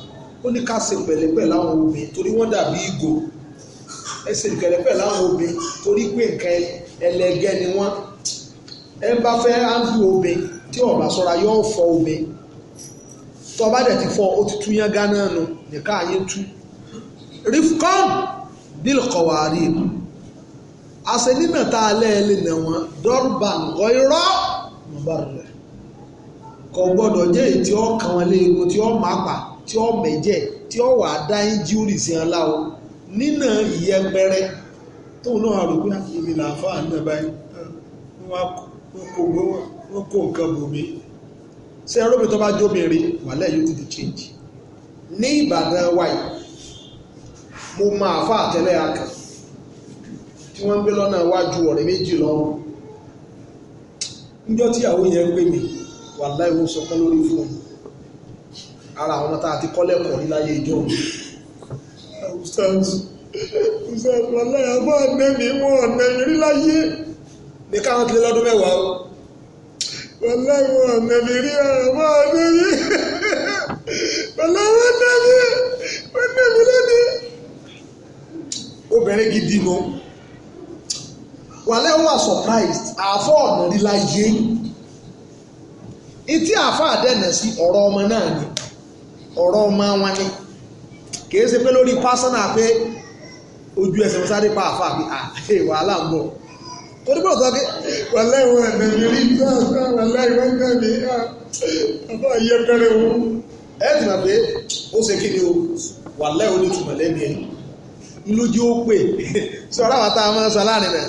ó ní ká ṣe pẹ̀lẹ́pẹ̀ láwọn obìnrin torí wọ́n dàbí ìgò ẹ ṣe pẹ̀lẹ́pẹ̀ láwọn obìnrin torí pé nǹkan ẹlẹgẹ́ ni wọ́n ẹ bá fẹ́ áńdù obìnrin tí ó bá ṣọ́ra yóò fọ́ obìnrin tó bá dẹ̀ ti fọ́ ó ti túyán gánà nù nìkan àyè tú rifcon bilokowari àṣẹlínà tá a lẹ́ẹ̀lẹ́ nà wọ́n dọ́rùbà ńkọ́ irọ́ mọ̀bàrẹ̀ kò gbọ́dọ̀ jẹ́ èyí tí ó kàn wọ́n lé egun tí ó máa pa tí ó mẹ̀jẹ̀ tí ó wà á dá injúrì sí ọ láwo nínà ìyẹpẹrẹ tóun náà rò pé ah, èmi là ń fà ní ẹ̀bá yìí wọ́n kó nǹkan bò mí ṣé ẹ rómi tó bá jóbìnrin wàhálà yóò ti di change ní Ìbàdàn wáyé mo máa fà àtẹ́lẹ́ akàn tí wọ́n ń gbé lọ́nà iwájú ọ̀rẹ́ méjì lọ́rùn níjọ́ tíyàwó yẹn pè mí wàláhì wọ́n sọkọ́ lórí fóònù ara àwọn tá a ti ní láyé ìjọ mi ní káwọn tilé lọ́dún mẹ́wàá ọ̀nà mi, lónìí obìnrin gidi wàlẹ́ wà surprised àáfọ̀ ọ̀nà rí láyé etí àáfà àdẹ́nà sí ọ̀rọ̀ ọmọ náà ni ọ̀rọ̀ ọmọ wọn ni kìí ṣe pé lórí pásánà pé ojú ẹsẹ̀ wọn sáré pa àáfà pé àhè wàhálà ń bọ̀ tó dúpọ̀ sọ pé wàlẹ́ ìwọ̀n ẹ̀mẹ̀ mi rí wàlẹ́ ìwọ̀n ẹ̀mẹ̀ mi àbá yẹ kẹrẹ o ẹ ti mọ̀ pé ó ṣe kí ni o wàlẹ́ ìwọ̀n ìtumọ̀ lẹ́ni ẹ̀ lójú ó pè [LAUGHS] sọ ọ́ láwọn tá a máa ń sọ láàrin náà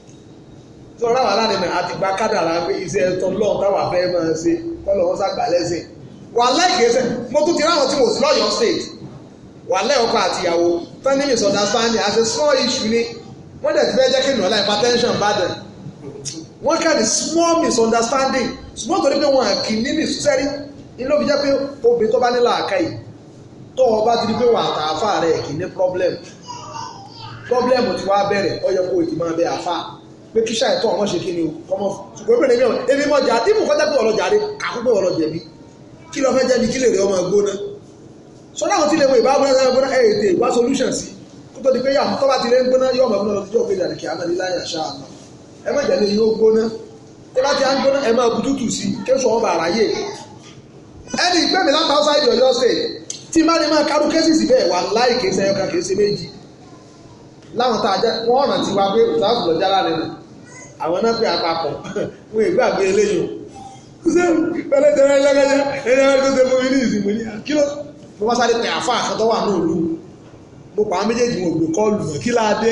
tí wọ́n ráwà láàrin náà àti gba kádàrà pé iṣẹ́ ẹ̀tọ́ lọ́ọ̀ táwà fẹ́ máa ṣe kọ́lọ̀ wọn sàgbà lẹ́sìn wà lẹ́gẹ̀ẹ́sẹ̀ mo tún ti ráwọn tí mo sì lọ́yọ̀ state wà lẹ́ọ̀kọ́ àtìyàwó tẹ́ni misunderstanding as a small issue ni wọ́n dẹ̀ ti fẹ́ jẹ́ kí nù ọ́lá hypertension bá dẹ̀ wọ́n kàn ní small misunderstanding small torí pé wọ́n kì í ní mísúsẹ́rí ni ló fi jẹ́ pé obìnrin tó bá nílò àkàyè tó o bá ti di pé wọ́n àtàáfà rẹ̀ kì ní problem problem ti wá bẹ̀rẹ̀ ó yẹ kó o ti máa bẹ àfà pé kí ṣàìtọ́ ọmọ ṣe kí ni ọmọ ṣùgbọ́n obìnrin mi ò ebi mọ jà tí mo kọ́ tẹ́kọ̀ọ́ ọlọ́jà rẹ àkókò ọlọ́jà mi kí lọ fẹ́ jẹ́ kí lè rí ọmọ gbóná sọ láwọn tí lè wọ ìbá gbóná gbóná ẹ̀ ètè solution sí kó tó di pé yàtọ̀ tó bá ti lé ń gbóná yọ ọmọ gbóná lọ sí ìjọba ìdàrí kí amẹ́lí láyé àṣà àná ẹ má jẹ́ lè yín ó gbóná tó bá ti á ń gbóná ẹ máa bu tútù sí kéṣù ọmọ àráyè ẹni ìgbẹ́ mi láti outside Ọ̀yọ́ láwọn tá a jẹ́ wọ́n ọ̀ràn ti wá pé òtún àfùlọ́jà láàrin náà àwọn náà pè àpapọ̀ [LAUGHS] wọn ìgbàgbé eléyìí o ṣé pẹ̀lẹ́ tẹ̀lé lẹ́gẹ́dẹ́ ẹni ẹni tó ṣe fún mi ní ìsìnkú ní ah, kíló mo bá sáré pè àfa àkan tó wà ní òlu mo pa àwọn méjèèjì mo gbé kọ́ọ̀lù náà kí láadé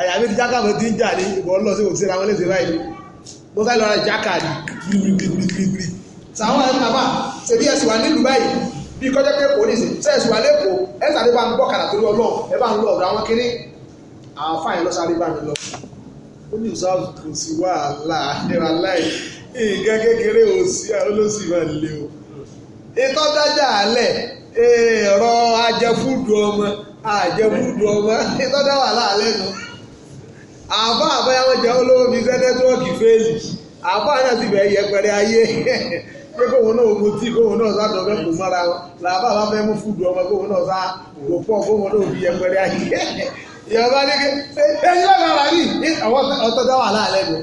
àyà mi ti jákàmọ́ ti ń jà ní ìbọn lọ sí òṣèré àwọn léṣe báyìí mo sáré lọ ra jákàdì gbìgbìgbìgbìgbì sàwọn ẹni bàbá ṣèbí ẹsùn wà nílùú báyìí bí kiri àáfàá yẹn lọ sáré bá ó ní ìsáàsù kò sí wàhálà àdéhùn aláì nǹkan kékeré ò sí olóṣì máa lé o ìtọ́ dájà àlẹ̀ ọ̀rọ̀ ajẹfúdù ọmọ ajẹfúdù ọmọ ìtọ́ dá wàhálà àlẹ́ nu àbá àbáyáwọ̀ jẹ́ olówó mi sẹ́ nẹ́tíwọ́ọ̀kì fẹ́ẹ̀lì àbá náà sì bẹ̀ẹ́ yẹpẹrẹ ayé [LAUGHS] pé kóun náà ogun tí kóun náà sá dọ̀bẹ́ kò mọ́ra wọn làbá bá fẹ́ mú fúdù ọmọ kóun náà sá òpó kóun náà fi yẹpẹrẹ ayé [LAUGHS] ìyàbá ní kí ẹni lọ́nà ara ní ọ̀tọ̀ dá wàhálà lẹ́nu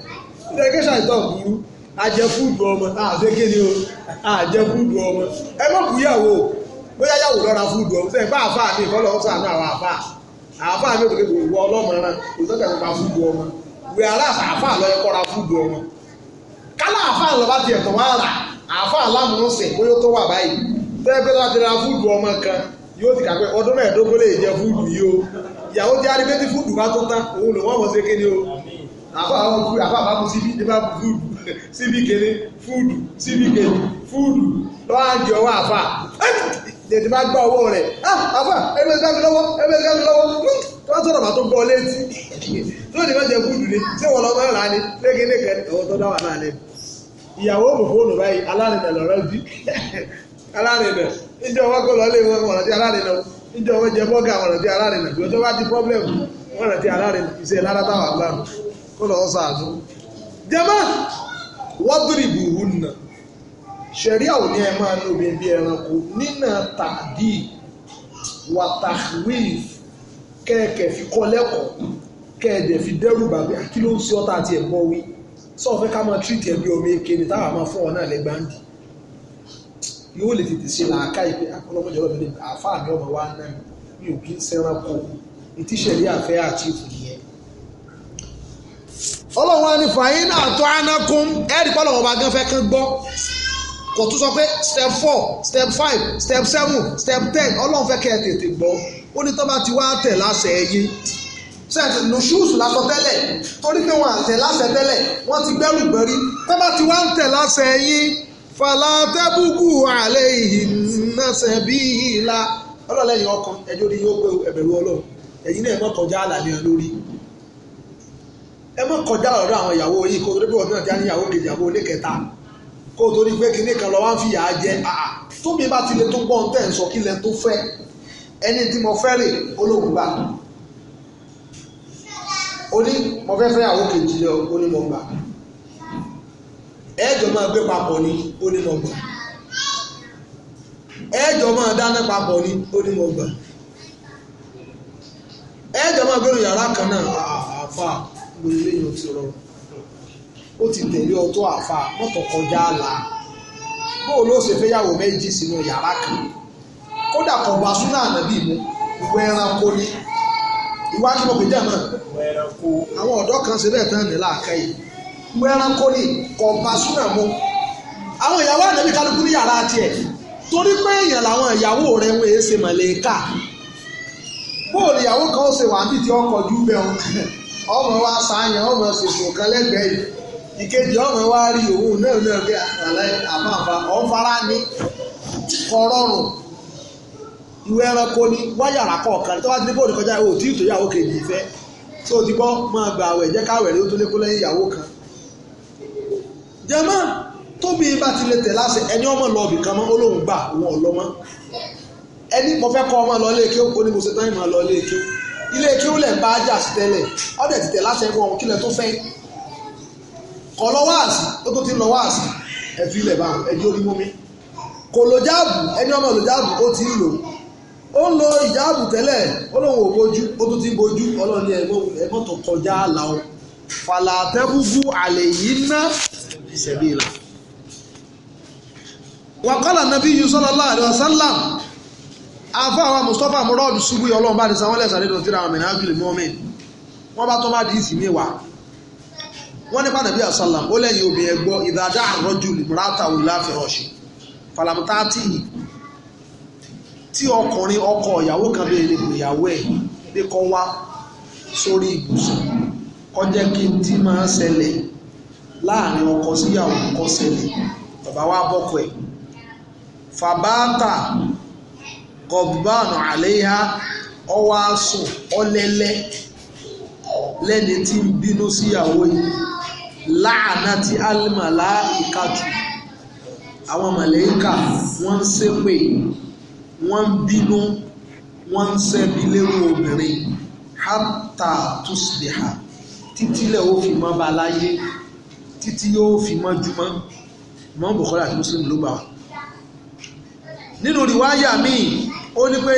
ìdẹ́gẹ́sà ìtọ̀ burú ajẹ́fúdù ọmọ àfẹ́kẹ́ ni o àjẹ́fúdù ọmọ ẹ mọ̀ kú yàwó bóyá yàwó lọ́ra fúdù ọmọ fẹ́ẹ̀ bá àfà mi kọ́ lọ́wọ́ sànú àwọn àfà àfà mi òkè kò wọ ọlọ́mọ náà kò sọ́jà nípa fúdù ọmọ wẹ̀ aláàfà àfà lọ ẹ kọ́ra fúdù ọmọ kálá àfà lọ bá tiẹ̀ tọ̀ wá rà àfà alámúnúsìn bóyá tó wà báyìí tẹ́ẹ̀pẹ́ láti ra fúdù ọmọ kan yóò ti kà pé ọdún mẹ́ẹ̀ẹ́dógún lè jẹ fúdù yìí o ìyàwó tí arimẹ́tì fúdù bá tó tán òun lò wọ́n mọ̀ sí kéde o àfáà mú síbí ní bá mú fúdù [LAUGHS] síbí kéde fúdù síbí kéde fúdù lọ́wọ́ àjọ wà àfáà lèdè bá gbá owó rẹ̀ ah, àfáà ẹgbẹ́ ká mi lọ́wọ́ ẹgbẹ́ ká mi lọ́wọ́ tó bá sọ̀rọ̀ bá tó gbọ́ létí tó lè má jẹ fúdù ni tí wọ́n lọ́mọ rà ni lékené kan ọ̀wọ́ tó dáwà náà lẹ́nu ìyàwó òfófóònù báyìí alárinà lọ́rọ́ bí [LAUGHS] alárinà ìjọ wọn kò lọ lé wọn wọn àti alárinà níjọ́ wọ́n jẹ bọ́gà wọn rántí alárinà bí wọ́n tó bá ti problem wọn rántí alárinà iṣẹ́ lára táwọn aláàmù kó lọ́ọ́ sàánú. jẹ́mọ́ wọ́dúrì bùrù nà ṣẹ̀ríà ò ní ẹ máa ní obìnrin bí ẹranko nínà tàbí wàtàwíf kẹ́ẹ̀kẹ́ fi kọ́ lẹ́kọ̀ọ́ kẹ́ẹ̀dẹ̀ fi dẹ́rù bàbí àkí ló ń ṣe ọ́ta àti ẹ̀mọ́ wí sọ́ọ̀fẹ́ ká máa tírìtì ẹbí omi èké táwa máa fún ọ náà lẹ́gbàá yóò lè tètè ṣe làákà ìpè àkọlọ́mọdé ah, ọ̀rọ̀ mi àfa mi ọmọ wa ń náà mi ò kí ń sẹ́ran kó etí ṣẹ̀lẹ̀ àfẹ́ àti ìfòyẹ́. ọlọ́run wa ni fàyín náà tó anákún ẹ̀rí pọ́lọ̀ ọba gan fẹ́ kán gbọ́ kò tún sọ pé step four step five step seven step ten ọlọ́run fẹ́ kẹ́ ẹ tètè gbọ́ ó ní tó bá ti wá tẹ̀ láṣẹ ẹyẹ sẹ́ẹ̀tì lùṣùùsù lásọ tẹ́lẹ̀ torí pé wọ́n àtẹ̀ láṣẹ tẹ́lẹ̀ wọ́n ti gbẹ́rù gbẹ́rí tó ti wá tẹ̀ láṣẹ ẹyẹ falatẹ́bùkù àlẹ́ ìnáṣẹ́ bí ìlà ọlọ́lẹ́yìn ọkàn ẹjọ́ ni yóò gbé ẹ̀bẹ̀rù ọlọ́run ẹ̀yin náà ẹ má kọjá àlàyé lórí ẹ má kọjá ọ̀rọ̀ àwọn ìyàwó yìí kó torí pé ọ̀dọ́ ìjà ní ìyàwó kejì àbó oníkẹta kó torí pé kinní kan lọ wá ń fìyà jẹ àà tómi bá tilẹ̀ tó gbọ́n tẹ̀ ń sọ kí lẹ tó fẹ́ ẹni tí mo fẹ́ rè olóògùn gbà ó ní mo fẹ́ fẹ́ àwọn ẹjọ máa gbé papọ̀ ni ní mọ̀ gbà máa dáná papọ̀ ní kan náà àfa gbogbo ti rọ ó ti tẹ̀lé ọtọ́ àfa mọ́tò kọjá àlà bóò ló ṣe fẹ́yàwó méjì sínú yàrá kan kódà kan bá súnà mu ẹranko mọ̀ pé jẹ́ kan ṣe bẹ́ẹ̀ tán ní mo ẹranko ni kò bá súnà mu àwọn ìyàwó ànábì kálukú ní yàrá tiẹ̀ torí pé èèyàn làwọn ìyàwó rẹ̀ wọn èé ṣe mọ̀lẹ́kà bóòlù ìyàwó kan ó ṣe wà níbi tí ọkọ̀ ojú bẹ̀ ọ ọmọ wa sàáyàn ọmọ ṣèṣù kan lẹ́gbẹ̀ẹ́ yìí ìkejì ọmọ wa rí òun náà náà bí àlẹ́ àmàfà ọ̀fara ní kọ́rọ́rùn ìwé ẹranko ní wáyàrá kọ̀ọ̀kan ka. jẹ́mọ́ tóbi bá ti lè tẹ̀ láṣẹ ẹni ọmọ lọ ọbì kan mọ́ olóhùn gbà wọn ò lọ mọ́ ẹni mo fẹ́ kọ́ ọmọ lọ ilé ike ó ní mo ṣe tán ìmọ̀ lọ ilé ike ilé ike ó lẹ̀ ń bá ajá sí tẹ́lẹ̀ ọ̀dẹ̀ ti tẹ̀ láṣẹ fún ọmọ kílẹ̀ tó fẹ́ kọ́ lọ wáàsì ó tó ti lọ wáàsì ẹ fi ilẹ̀ bá ẹni ó rí mú mi kò lò jáàbù ẹni ọmọ lò jáàbù ó ti lò ó ń lo ìjáàbù tẹ́lẹ̀ ó ò bójú ó tún ti bójú ọlọ́run ní ẹ̀gbọ́n kọjá àlà fàlàtẹ́bùbù àlè yìí ná sẹ̀bìlà. wàkọ́là nàbí yìí sallallahu alaihi wasallam afa àwọn mustapha murad ṣubú yọ ọlọ́run bá ní sanwó lẹ́sàn nínú tíra àmì náà gílè mọ́mí wọ́n bá tó bá di ìsìn mẹ́wàá wọ́n nípa nàbí àṣàlám ó lẹ́yìn obìnrin ẹgbọ́ ìdájá àrọ́jù lìmúrátà wò láfẹ́ ọ̀ṣù fàlàmùtátì tí ọkùnrin ọkọ ìyàwó kan bẹ́ẹ̀ lè ìyàwó ẹ̀ pé kọ́ wá sórí ibùsùn kọjẹ́ kí n tí máa ṣẹlẹ̀ láàrin ọkọ síyàwó kọ́ ṣẹlẹ̀ bàbá wa bọ́kọ ẹ̀ fàbátà gọ̀bánù àléyá ọwọ́ asùn ọlẹ́lẹ́ lẹ́ni tí ń bínú síyàwó yìí láàánà tí alìmọ̀lá ìkàtù àwọn mọ̀lẹ́kà wọ́n ń ṣépè wọ́n ń bínú wọ́n ń ṣẹ́bi lérò obìnrin hátà tùsùlẹ̀ hàtà títílẹ̀ ó fi mọ́ ba láyé títí yóò fi mọ́ jumọ́ mọ́ Bukhari àti Muslim ló gbà wá nínú rìwáyà míì ó ní pé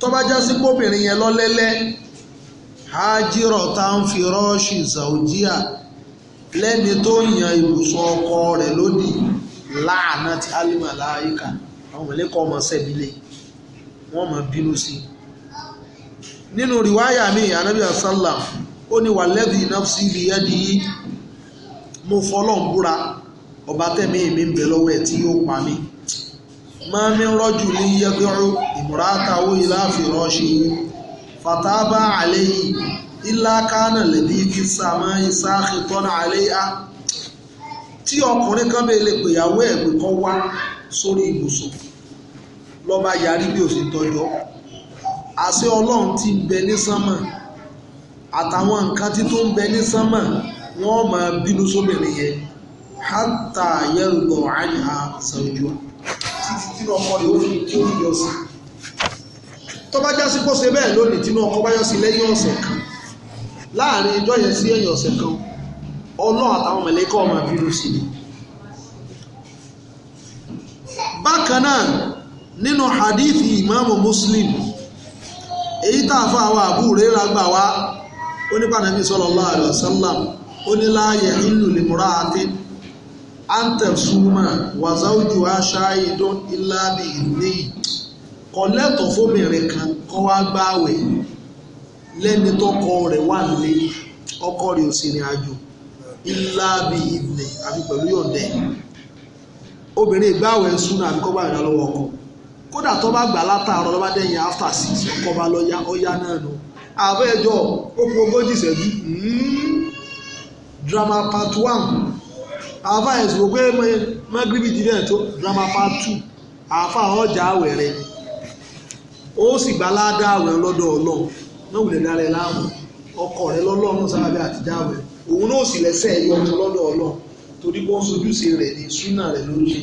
tọ́ba já sí póbìnrin yẹn lọ́lẹ́lẹ́ hajirọ̀ tá ń fi rọ́ọ̀ṣì zàwùjíà lẹ́ni tó yan ibùsùn ọkọ rẹ̀ lódì láàánà tí alima láyíká àwọn mọ̀lẹ́kọ̀ ọmọ sẹ́bílẹ̀ wọ́n mọ̀ bínú sí nínú rìwáyà míì anábìyà sálàmù ó ní wàlẹ́bí nafsi ibi yẹ́dí mo fọlọ́n búra ọba tẹ̀mí mi ń bẹ lọ́wọ́ ẹ̀ tí yóò pa mí máa mi rọ́jù ní yẹ́gẹ́rú ìmúratà owó ìláàfin rọ́ṣì fataba àléyìí ilá kánà lẹ́bí kí sàmá ìsáàkì tọ́nà àléyà tí ọkùnrin kan bẹ́ẹ̀ lè pèyàwó ẹ̀ pé kọ́ wá sórí ibùsùn lọ́ba yarí bí òsì tọ́jọ́ àṣẹ ọlọ́run ti bẹ ní sánmà àtàwọn nǹkan tí tó ń bẹ ní sánmà wọ́n máa bínú sóbìnrin yẹn hátà yẹ́rùgbọ̀n ha sàrùjọ́ títí tí ọkọ rẹ̀ ó fi tí ó fi yọ sí jásí kó ṣe bẹ́ẹ̀ lónìí tí ọkọ bá yọ sí lẹ́yìn ọ̀sẹ̀ kan láàrin ìjọ yẹn sí ẹ̀yìn ọ̀sẹ̀ kan ọlọ́run àtàwọn mẹ̀lẹ́kọ̀ máa bínú sí ni bákan ó ní pàdánù sallallahu alaihi wasallam ó ní láàyè ìlú lèmúra àti antẹ̀súmà wàzáwùjú aṣááyédó ìlàbí ìléyìí kò lẹ́tọ̀ọ́ fóbìnrin kan kó wá gbáwẹ̀ lẹ́ni tọkọ rẹ̀ wà nílé ọkọ rẹ̀ ò sì rìn àjò ìlàbí ìlẹ̀ àfi pẹ̀lú yọ̀ǹdẹ̀ obìnrin ìgbàwẹ̀ ń súnà àbíkọ́ bá ìrànlọ́wọ́ ọkọ kódà tó bá gbà látàárọ̀ lọ́ba dẹ́yìn after six ọkọ bá lọ́ya ọ̀ya náà nù. àárọ̀ ẹjọ́ ó kù ogójì mm drama part one ava ẹ̀sùn wò pé mọ́gíríbì ti rẹ̀ drama part two àáfà ọjà àwẹ̀rẹ̀ ó sì gba ládàá àwẹ̀ lọ́dọ̀ ọlọ́run náà wùlẹ̀ dárẹ̀ láàmú ọkọ rẹ̀ lọ́lọ́run sábẹ́ àtijọ́ àwẹ̀ òun náà sì lẹ́sẹ̀ ẹ̀yọ ọ̀tọ̀ lọ́dọ̀ ọlọ́run torí bó ń sojúṣe rẹ̀ ní súnà rẹ̀ lórí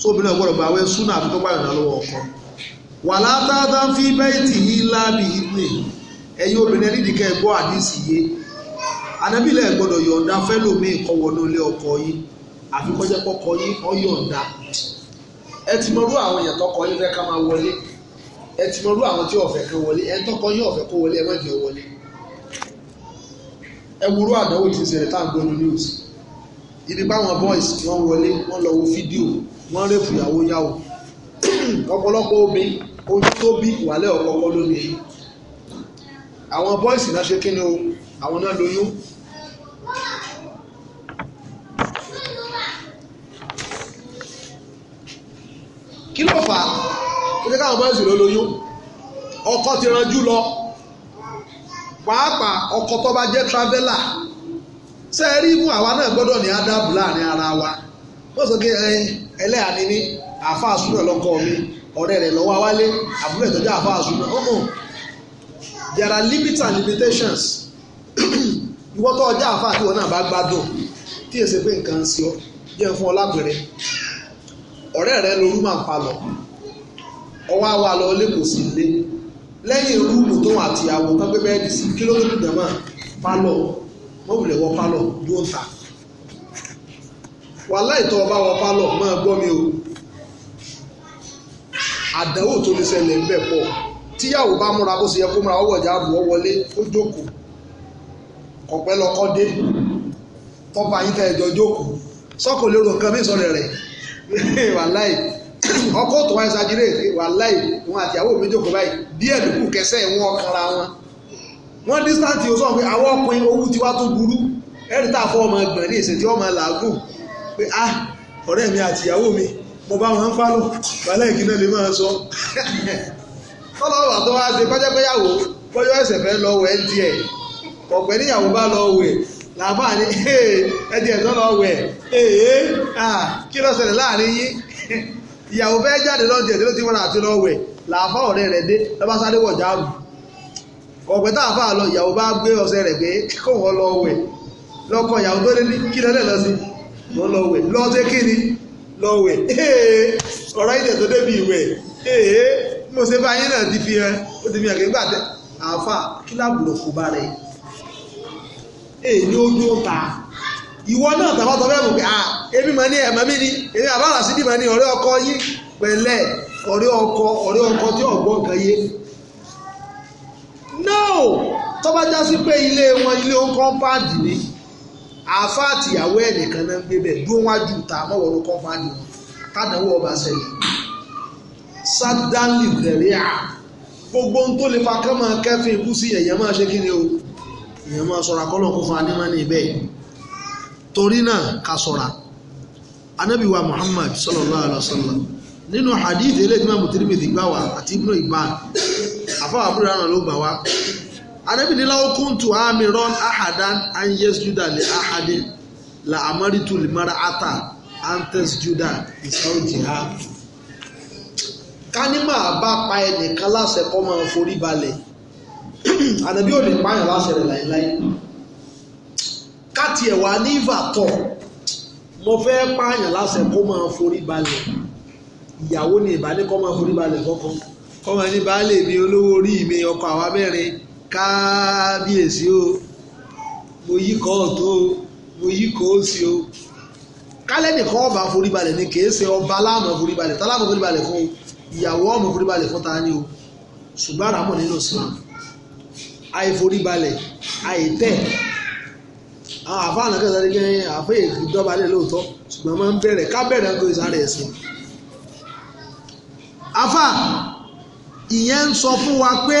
sóbìnrin ọgbọ́dọ̀ gba wẹ́ súnà àbí tó ọkọ wà látàdá fi bẹ́ẹ̀tì yìí láàbì ìdílé ẹ̀yin obìnrin nídìí dìkẹ́ ẹ gbọ́ àdìsí yé anábìlẹ̀ gbọ́dọ̀ yọ̀ǹda fẹ́lòmíì kọ́ wọnú ilé ọkọ yìí àfi kọjá kọkọ yìí ọ yọ̀ǹda ẹ ti mọ̀rú àwọn èèyàn tọkọ yìí fẹ́ ká máa wọlé ẹ ti mọ̀rú àwọn tí ọ̀fẹ́ kan wọlé ẹ tọkọ yìí ọ̀fẹ́ kó wọlé ẹ wọlé ẹ wúrú àdánwò ọ̀pọ̀lọpọ̀ omi ojú tó bí wàlẹ́ ọ̀pọ̀pọ̀ lónìí àwọn bọ́ìsì náà ṣe kí ni o àwọn náà lóyún kí ló fà á kí ló káwọn bọ́ìsì ló lóyún ọkọ ti ranjú lọ pàápàá ọkọ tó bá jẹ́ traveller ṣe é rí mú àwa náà gbọ́dọ̀ ní ádàbù láàrin ara wa wọ́n sọ pé ẹlẹ́yà ni àfa àsúnà lọ́kọ mi ọ̀rẹ́ rẹ̀ lọ́wọ́ wálé àbúrò ìtọ́jú àfa àsúnà ọ̀hún oh, oh. there are limits and limitations [CLEARS THROAT] ìwọ́n tó ọjà àfa àti ìwọ náà bá gbádùn tí èsè pé nǹkan ń sí ọ jẹ́ fún ọ lápẹ̀rẹ̀ ọ̀rẹ́ rẹ̀ lorú máa ń palọ̀ ọwọ́ àwa lọ lé kò sí ilé lẹ́yìn rúùmù tó wà àti àwọ̀ kan pé bẹ́ẹ̀ sí kílómítì dàmà pálọ̀ wọ́n wulẹ̀ wọ pálọ̀ dúró ta wàhálà ìtọ́ ọba wọ pálọ̀ máa gbọ́ mi o àdánwò tó lè ṣẹlẹ̀ ń bẹ̀ pọ̀ tíyàwó bá múra bó ṣe yẹ kó múra ọwọ́ ìjà àbúwọ́ wọlé ó jókòó kọ̀pẹ́ lọ́kọ́ dé tọ́ba yín tẹ́ẹ̀jọ́ jókòó sọ́kòó lérò nǹkan mí sọ̀rọ̀ rẹ̀ [LAUGHS] wàláì ọkọ̀ tó wáyé sajire wàláì wọn àtìyàwó mi jókòó báyìí díẹ̀ lùkù kẹsẹ̀ wọn ọkànra wọn wọ́n dísítàǹtì ó sọ pé àwọn ọkùnrin owó ti wá tó burú ẹ̀rí tá a fọ́ ọmọ ẹgbẹ̀rún ní ìsìn tí ọmọ làágùn pé ah ọ̀rẹ́ mi àtìyàwó mi mo bá wọn ń pálọ̀ balẹ̀ ìkíná lè máa sọ tọ́lọ́wọ́ tó wá ṣe pẹ́jẹ́pẹ́yàwó bọ́yọ́ ẹ̀sẹ̀ fẹ́ lọ wẹ̀ díẹ̀ ọ̀pẹ́ lọ wẹ̀ ní lọ wẹ̀ ah, kí láàrin yín ìyàwó fẹ́ jáde ló ti àti lọ wẹ̀ ọ̀rẹ́ rẹ̀ dé lọ́ba sáré wọ̀ tá a fà lọ ìyàwó bá gbé rẹ̀ pé lọ wẹ̀ lọkọ ìyàwó tó lé ní kí lọ sí lọ́ lọ lọ́wẹ̀ ọ̀rọ̀ ìdẹ̀ tó débi ìwẹ̀ mo ṣe bá yín náà ti fi hàn ó ti fi hàn kéńgbà tẹ àáfà kíláàbù ló kó bá rẹ èyí ó dúró ta ìwọ náà tàbá tọ́ bẹ́ẹ̀ mọ̀ pé ah èmi mọ̀ ní ẹ̀mọ́ mi ni èmi àbára sí dìmọ̀ ní ọ̀rẹ́ ọkọ yín pẹ̀lẹ́ ọ̀rẹ́ ọkọ ọ̀rẹ́ ọkọ tí ọ̀gbọ́n kan yé no tọ́ba já sí pé ilé wọn ilé ó kọ́ńpáàdì ni àáfà àtìyàwó ẹ̀ nìkan náà ń gbé bẹ́ẹ̀ dúró wájú ta mọ́wọ́rọ́ kọ́ńpáàdì wọn tádàwọ́ ọba ṣẹlẹ̀ sádánlì tẹ̀lé à gbogbo ohun tó lè fa kán máa kẹ́fìn ikú sí ẹ̀yẹ́ máa ṣe kí ni o èèyàn máa sọ̀rọ̀ akọ́lọ̀ kó fún anímọ́ni ibẹ̀ torí náà ká sọ̀ra anábìwa Muhammad sallallahu alaihi wa nínú hadith eléyìí tí Imam Tirmidhi gbà wá àti Ibn Hibban àfọwọ́ àbúrò náà anábìnrin láwọn kúntù àmì rán ahadan anyes juda le ahadi la amari lè mara ata antes juda ìsọjì ha kánímà bá pa ẹnìkan láṣẹ kọ́ máa forí balẹ̀ àdàbí ò lè pààyàn láṣẹ rẹ̀ láéláé káti ẹ̀wà ní ìfàtọ̀ mo fẹ́ pààyàn láṣẹ kó máa forí balẹ̀ ìyàwó ni ìbá ní kọ́ máa forí balẹ̀ kọ́kọ́ kọ́ máa ní baálé mi olówó orí mi ọkọ àwa mẹ́rin kábíyèsí o mo yí kọ́ ọ̀tún o mo yí kọ́ òsì o kálẹ́nì kan ọba foríbalẹ̀ ni kì í ṣe ọba aláàmọ̀ foríbalẹ̀ tá aláàmọ̀ foríbalẹ̀ fún ìyàwó ọmọ foríbalẹ̀ fún ta ni o ṣùgbọ́n àràmọ̀ nínú Islam àìforíbalẹ̀ àìtẹ̀ àwọn àfa ànàkẹ́sà ni kẹ́hìn àfẹ́ ìdọ́balẹ̀ lóòótọ́ ṣùgbọ́n máa ń bẹ̀rẹ̀ ká bẹ̀rẹ̀ kó ìsàrẹ̀ ẹ̀sìn. afa ìyẹn ń sọ fún wa pé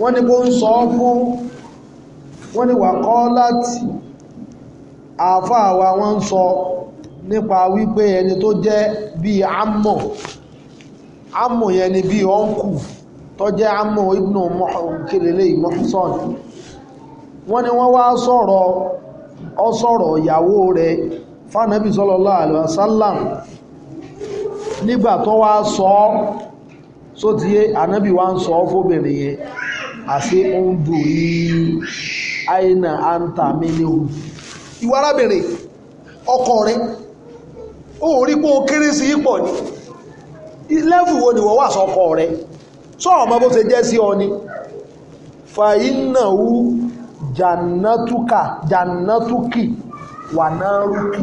wọ́n ní bó ń sọ fún wọ́n ní wàkọ́ láti àfá àwà wọ́n ń sọ nípa wípé ẹni tó jẹ́ bí àmọ̀ àmọ̀ yẹn ni bí ọ́nkù tó jẹ́ àmọ̀ ibnu kèrèlé Muhsan wọ́n ní wọ́n wá sọ̀rọ̀ ọ sọ̀rọ̀ ìyàwó rẹ̀ fánàbí sallallahu alaihi wasallam nígbà tó wá sọ ọ́ sótíyé ànábì wá ń sọ ọ́ fóbìnrin yẹn àṣé ó ń yìí àìnà àǹtà mi ni o. ìwà arábìnrin ọkọ rẹ ó rí pé ó kéré sí ipò ni lẹ́fù wo ni wọ́n wà sọ́kọ rẹ sọ ọmọ bó ṣe jẹ́ sí ọ ni fàyínàwó jannatuka jannatuki wanaruki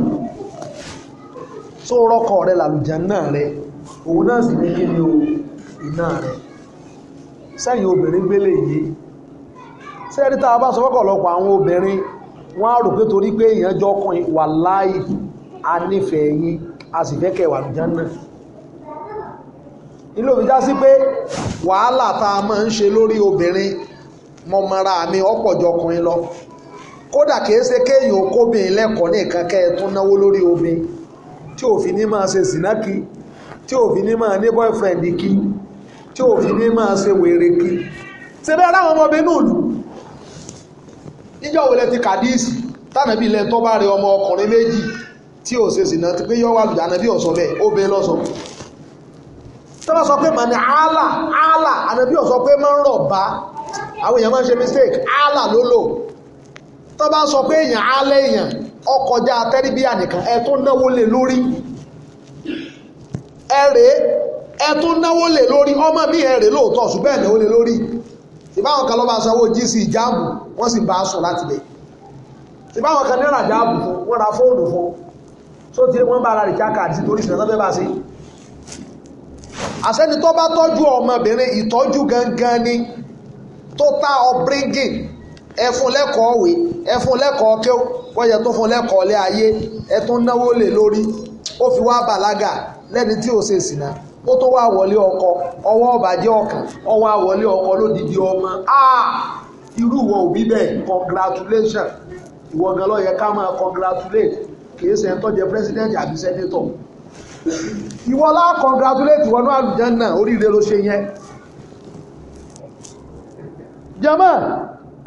tó rọ́kọ̀ rẹ làlùjá náà rẹ òun náà sì ní kí ni o iná rẹ sẹ́yìn obìnrin gbélé yìí sẹ́rí tá a bá sọ fọ́kànlọpọ̀ àwọn obìnrin wọ́n á rò pé torí pé èèyàn jọ ọkùnrin wà láàyè a nífẹ̀ẹ́ yín a sì fẹ́ kẹwàá lùján náà ilé òfin já sí pé wàhálà tá a máa ń ṣe lórí obìnrin mọmọra mi ọ̀pọ̀ jọ ọkùnrin lọ kódà kìí ṣe kéèyàn okóbìnrin lẹ́kọ̀ọ́ nìkan kẹ́ ẹ tún náwó lórí obìnrin tí òfin ní máa ṣe sìnákì tí òfin ní máa ní boyfriend kí tí ò fi ní máa ṣe wèrè kí ṣe bẹ́ẹ̀ láwọn ọmọ ọbẹ̀ náà lù níjọ́ wọlé ti kàdíìsì tánàbí ilẹ̀ tó bá rí ọmọ ọkùnrin méjì tí ò ṣe sìnà ti pé yọ́ wà lùdà ànàbí ọ̀sọ́ bẹ́ẹ̀ ó bẹ́ẹ̀ lọ́sọ tó bá sọ pé mà ní àálà àálà ànàbí ọ̀sọ́ pé máa ń nìkan ẹ tó náwó lé lórí ẹ ẹ náwó lè lórí ọmọ mi ẹ̀ rè lóòótọ́ ṣùgbọ́n ẹ̀ náwó lè lórí ìbáwọn kan ló bá sanwó gc jáàmù wọ́n sì bá a sùn láti bẹ̀ ìbáwọn kan náírà jáàmù fún wọ́n ra fóònù fún tó ti wọ́n bá ara rẹ̀ kíákà àti torí ìṣẹ̀lẹ̀ náà bá ṣe àṣẹ́ni tó bá tọ́jú ọmọbìnrin ìtọ́jú gangan ni total upbringing ẹfun lẹ́kọ̀ọ́ òwe ẹfun lẹ́kọ̀ọ́ kéw lẹ́ni tí ò ṣe ó tó wá wọlé ọkọ ọwọ́ ọ̀bàjẹ́ ọkàn ọwọ́ àwọlé ọkọ lódìdí ọmọ ah! irú ìwọ òbí bẹ́ẹ̀ congratulation ìwọ gan ló ká máa congratulate kìí ṣe tó jẹ́ president àbí senator ìwọ lá congratulate ìwọ náà àlùjánnà oríire ló ṣe yẹn jẹ́mọ́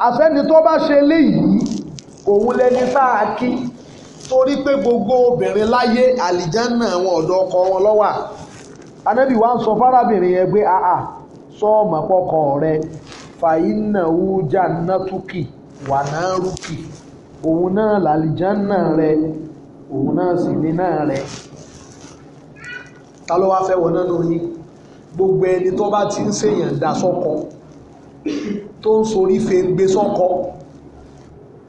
àfẹ́ni tó bá ṣe léyìí òun lẹni tá a kí torí pé gbogbo obìnrin láyé àlìjánnà àwọn ọ̀dọ́ ọkọ wọn ló anábì wa ń sọ fárábìnrin yẹn pé àà sọ́ọ̀mọ̀ pọkọ rẹ fàyínà wújà nátukì wà náà rúkì òun náà làlìjánà rẹ òun náà sì ní náà rẹ ta ló wá fẹ́ wọ náà lórí gbogbo ẹni tó bá ti ń ṣèyàn dá sọ́kọ tó ń sorí fe gbé sọ́kọ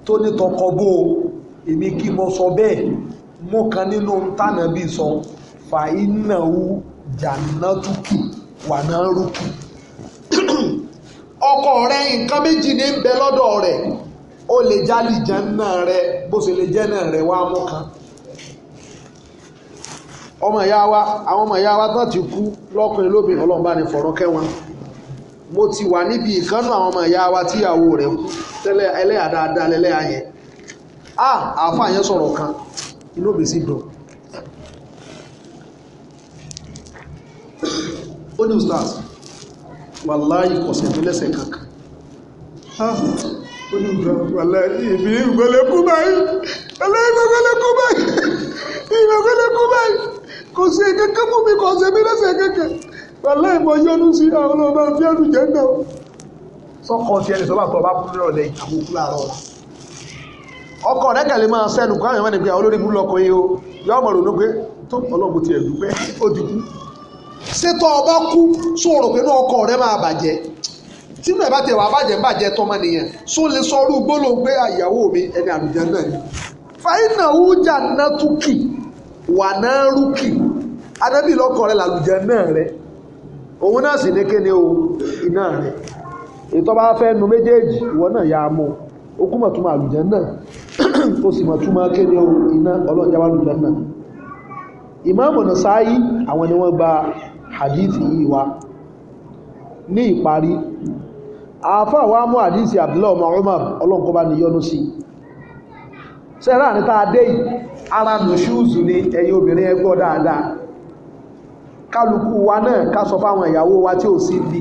tó ní tọkọ bó o èmi kí mo sọ bẹ́ẹ̀ mo kan nínú tànà sọ fàyínà jàǹdàtúkì wà náà rúkì ọkọ rẹ nǹkan méjì ní ń bẹ lọ́dọ̀ rẹ̀ ó lè jálì rẹ bó ṣe lè rẹ wá mú kan ọmọ ìyá wa àwọn ọmọ ìyá wa tán ti kú lọ́kùnrin lóbìn ọlọ́mbà ní fọ̀rọ̀ kẹwọn ọmọ ìyá wa tíyàwó kú tẹ́lẹ̀ lẹ́lẹ́yà yẹn ah, àáfàá yẹn sọ̀rọ̀ kan inú ó ní ustaz wàláyì kọ̀sẹ̀ mi lẹ́sẹ̀ kankan ó ní ustaz wàláyì ìbí ìgbọ́lẹ́kú báyìí wàláyì ìgbọ́lẹ́kú báyìí ìgbọ́lẹ́kú báyìí kò sí kankan fún mi kọ̀sẹ̀ mi lẹ́sẹ̀ kankan wàláyì mo yọnu sí àwọn ọmọ fi àdùn jẹ́ náà sọ́kọ̀ tí ẹni sọ́bà tó bá kú nírọ̀lẹ́ àwọn òkú láàárọ̀ ọ̀la ọkọ̀ rẹ́gàlè máa sẹ́nu kọ́ àwọn ẹ̀mọ́ ni pé olórí burú lọkọ̀ yìí o yọ ọmọ rònú pé tó ọlọ́mọ ti ẹ̀ dúpẹ́ ó ti kú ṣé ọba o bá kú sọ̀rọ̀ pé ọkọ rẹ máa bàjẹ́ tí mo bá tẹ̀ wá bàjẹ́ bàjẹ́ tọmọ nìyẹn só lè sọ ọrú gbólóhùn pé àyàwó mi ẹni àlùjẹ́ náà ni. fàyínà wújà nàtúkì wà náà rúkì anábì lọkọ rẹ làlùjẹ́ náà rẹ òun náà sì ní kéde o iná rẹ ètò bá fẹ́ nu méjèèjì ìwọ náà yà á mú o náà o [CLEARS THROAT] sì mọ̀túmọ̀ kéde o iná ọlọ́jà wà lùjẹ́ náà àwọn ni wọ́n gba hadith yìí wá ní ìparí àfá wa mú hadith Abdullah ọmọ Umar ọlọ́nkọba ni yọ́nú sí sẹ́rà ní tàà dé ara nù ṣúùzù ní ẹ̀yin obìnrin ẹgbọ́ dáadáa kálukú wa náà ká sọ fáwọn ìyàwó wa tí ò sí bí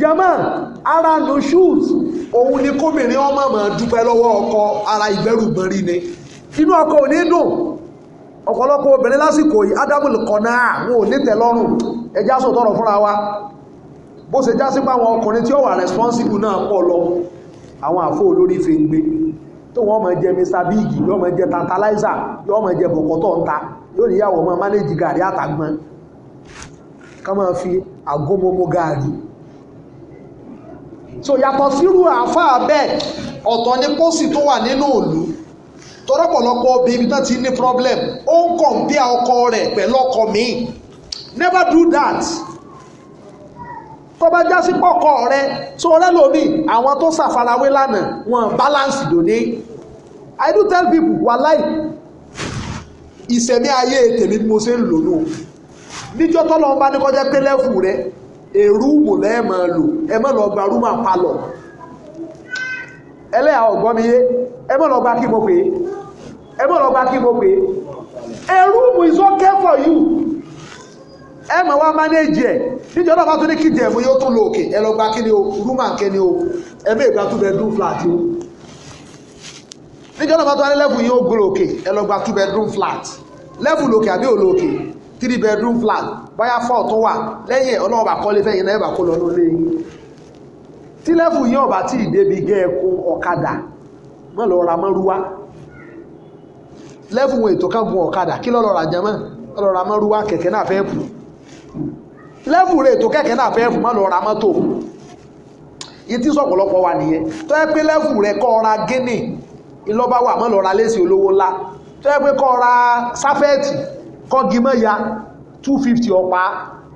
jama ara nù ṣúùzù òun ni kómìnrin ọmọ mọ̀ dúpẹ́ lọ́wọ́ ọkọ ara ìgbẹ́rùgbọ́n rí ni inú ọkọ ò dùn ọ̀pọ̀lọpọ̀ obìnrin lásìkò yìí adamu kọ̀nà wọn ò ní tẹ́lọ́rùn ẹjá sọ̀tọ̀rọ̀ fúnra wa bó ṣe já sí pé àwọn ọkùnrin tí ó wà responsible náà pọ̀ lọ àwọn àfó olórí fi ń gbé tó wọ́n máa jẹ Mr Big yóò máa jẹ tantalizer yóò máa jẹ bọ̀kọ̀tọ̀ ń ta yóò níyàwó máa manage gàrí àtàgbọn ká máa fi àgómọmọ gàrí so yàtọ̀ sírú àáfàá bẹ́ẹ̀ ọ̀tọ̀ ni pósì tó wà nínú òlú tọ́rọ̀pọ̀lọpọ̀ obì ibi tán ti ní problem ó ń compare ọkọ rẹ̀ pẹ̀lú ọkọ míì never do that tọ́ba já sí pọ̀kọ rẹ̀ tó rẹ́ lómi àwọn tó ṣàfarawé lánàá wọn balance lónìí i do tell people wàláì ìsẹ̀mí ayé tèmi mo ṣe ń lò lò níjọ́ tọ́lọ́ bá ní kọjá pé lẹ́fù rẹ̀ èrú mò lẹ́ẹ̀ máa lò ẹ má lọ gba rúmà palọ̀ ẹlẹ́yà ọ̀gbọ́n mi yé ẹ mọ̀ lọ́gbà kí mo pè é ẹ mọ̀ lọ́gbà kí mo a is okay for you ẹ mọ̀ wá manage ẹ̀ níjọ́ náà bá tún ní kìdí ẹ̀mú yóò tún lo òkè ni o room and ni o ẹ mẹ́ ìgbà flat o níjọ́ náà bá tún wá ní level yóò òkè ẹ flat level lòkè àbí three bedroom flat báyà four tó wà lẹ́yìn fẹ́yìn náà kó lọ lórí tí lẹ́fù yín ọ̀bá tí ìdébi gẹ́ ẹkùn ọ̀kadà mọ́ lọ ra mọ́rúwá lẹ́fù wọn ètò kan gun ọ̀kadà kí lọ́ lọ ra jẹmọ́ lọ ra mọ́rúwá kẹ̀kẹ́ náà fẹ́ẹ̀pù lẹ́fù rẹ̀ ètò kẹ̀kẹ́ náà fẹ́ẹ̀pù mọ́ lọ ra mọ́tò yìí tí sọ̀pọ̀lọpọ̀ wà nìyẹn tó yẹ pé 250 ọ̀pá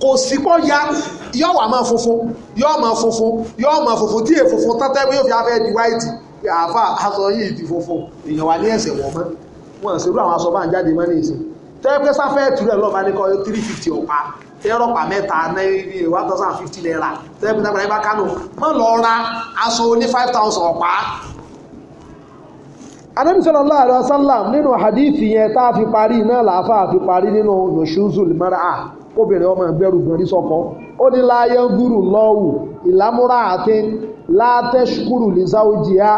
kò sí pọ́ ya yọ́ wà máa funfun yọ́ máa funfun yọ́ máa funfun tí èè funfun tán tẹ́gbẹ́ yóò fi afẹ́ di wáìtì àáfà aṣọ yìí di funfun èèyàn wà ní ẹ̀sẹ̀ wọ̀ mọ́ wọn ṣerú àwọn aṣọ bá ń jáde mọ́ ní ìsìn tẹ́gbẹ́ sáfẹ́ ìtúrẹ̀ lọ́ọ̀bá ní kọ́ three fifty ọ̀pá ẹrọ̀pà mẹ́ta náírà one thousand and fifty naira tẹ́gbẹ́ tẹ́gbẹ́ bá kánò mọ́ lọ ra aṣọ ní five thousand ọ̀pá. Ànábì sallallahu alaihi wasallam nínú hadith yẹn tá a fi parí náà làáfà fi parí nínú nùṣúzùl mar'a obìnrin ọmọ ìbẹ̀rù gan ní sọ́kọ́ ó ní láyé ń gúrù lọ́wù ìlámúra àti látẹ́ṣkúrù lè sáwójìá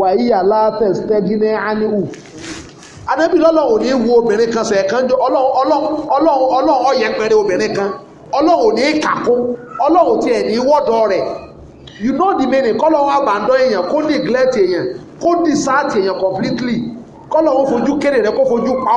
wàyíyà látẹ́ṣtẹ́gínẹ́ áníhù anábì ní wo obìnrin kan sẹ̀ kan jọ obìnrin kan ní kàkún tiẹ̀ ní wọ́dọ̀ rẹ̀ you know the meaning èèyàn kó neglect èèyàn kó èèyàn completely fojú rẹ̀ kó fojú pa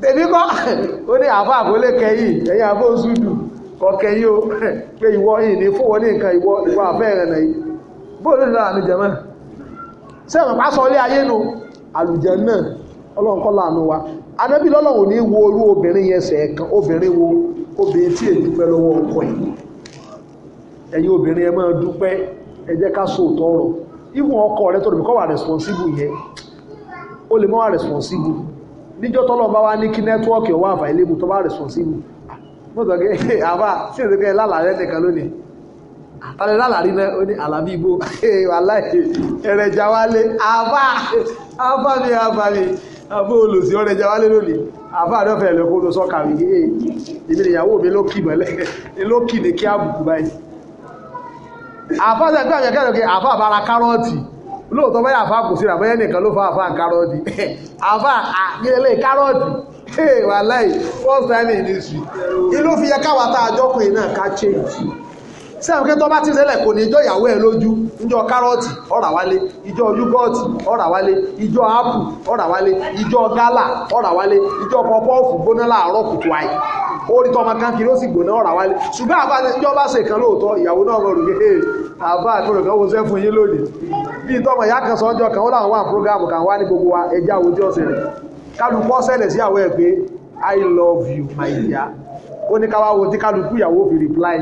tèmi kọ́ ó ní àfa àbólé kẹyìn ẹ̀yìn àbó sùdù kọ kẹyìn o pé ìwọ yìí ní fún wọn ní nǹkan ìwọ ìwọ àfẹ́ rẹ̀ nà yìí bóòlù ní lára àlùjẹ náà sẹ́wọ̀n pa sọ ilé ayé nu àlùjẹ náà ọlọ́run kọ́ láàánú wa anábì lọ́lọ́run ní wo orú obìnrin yẹn sẹ̀ẹ̀kan obìnrin wo obìnrin tí èdè pẹ́ lọ́wọ́ ọkọ yìí ẹ̀yin obìnrin ẹ máa dúpẹ́ ẹ jẹ́ ká sóòtọ́ ọ̀rọ̀ ìwọ̀n ọkọ rẹ tó dùn kọ́ wà responsible ó lè mọ́ wà responsible níjọ́ tọ́lọ̀ bá wá ní kí nẹ́tíwọ́ọ̀kì ọwọ́ àfàìlébù tó bá responsible mọ́tọ̀gẹ́ ah, àbá sí ìdíkẹ́ lálàárẹ́ nìkan lónìí àtàlẹ́ ah, lálàrí náà ó ní àlàbí igbó [LAUGHS] aláì ẹ̀rẹ̀jà wálé àbá àbá mi àbá mi àbó olùsí ọ̀rẹ̀jà wálé lónìí àbá àdọ́fẹ́ ẹ̀lẹ́ kó ló sọ kàwé ní èmi ìyàwó mi ló kì mọ́lẹ̀ [LAUGHS] ló kì ní kí àbùkù báyìí àbá sẹ́gbẹ́ àjẹkẹ́ àbá àbára kárọ́ọ̀tì lóòótọ́ báyà àfa kò síra báyà nìkan ló fa àfa kárọ́ọ̀tì [LAUGHS] àfa àgbélé kárọ́ọ̀tì [LAUGHS] wàláì first time in history ìlú fi yẹ káwa tá a jọkùnrin náà ká change sẹ́wọ̀n kẹ́tọ́ bá ti kò ní ìjọ ìyàwó lójú kárọ́ọ̀tì ọ̀rà wálé yúgọ́ọ̀tì ọ̀rà wálé ọ̀rà wálé ó rí tọmọ kan kiri ó sì gbóná ọ̀rà wálé ṣùgbọ́n àbá ìjọba ṣe kan lóòótọ́ ìyàwó náà mọ̀ rò àbá àtúrò kan sẹ́fún yín lónìí bí tọmọ ìyá kan sọ́jọ́ kan ó láwọn wà prógámù kan wá ní gbogbo wa ẹja ojú ọ̀sẹ̀ rẹ̀ kálukọ́ sẹ́lẹ̀ sí àwọ̀ ẹ̀ pé I love you my dear ó ní káwá wo tí kálukú ìyàwó fi reply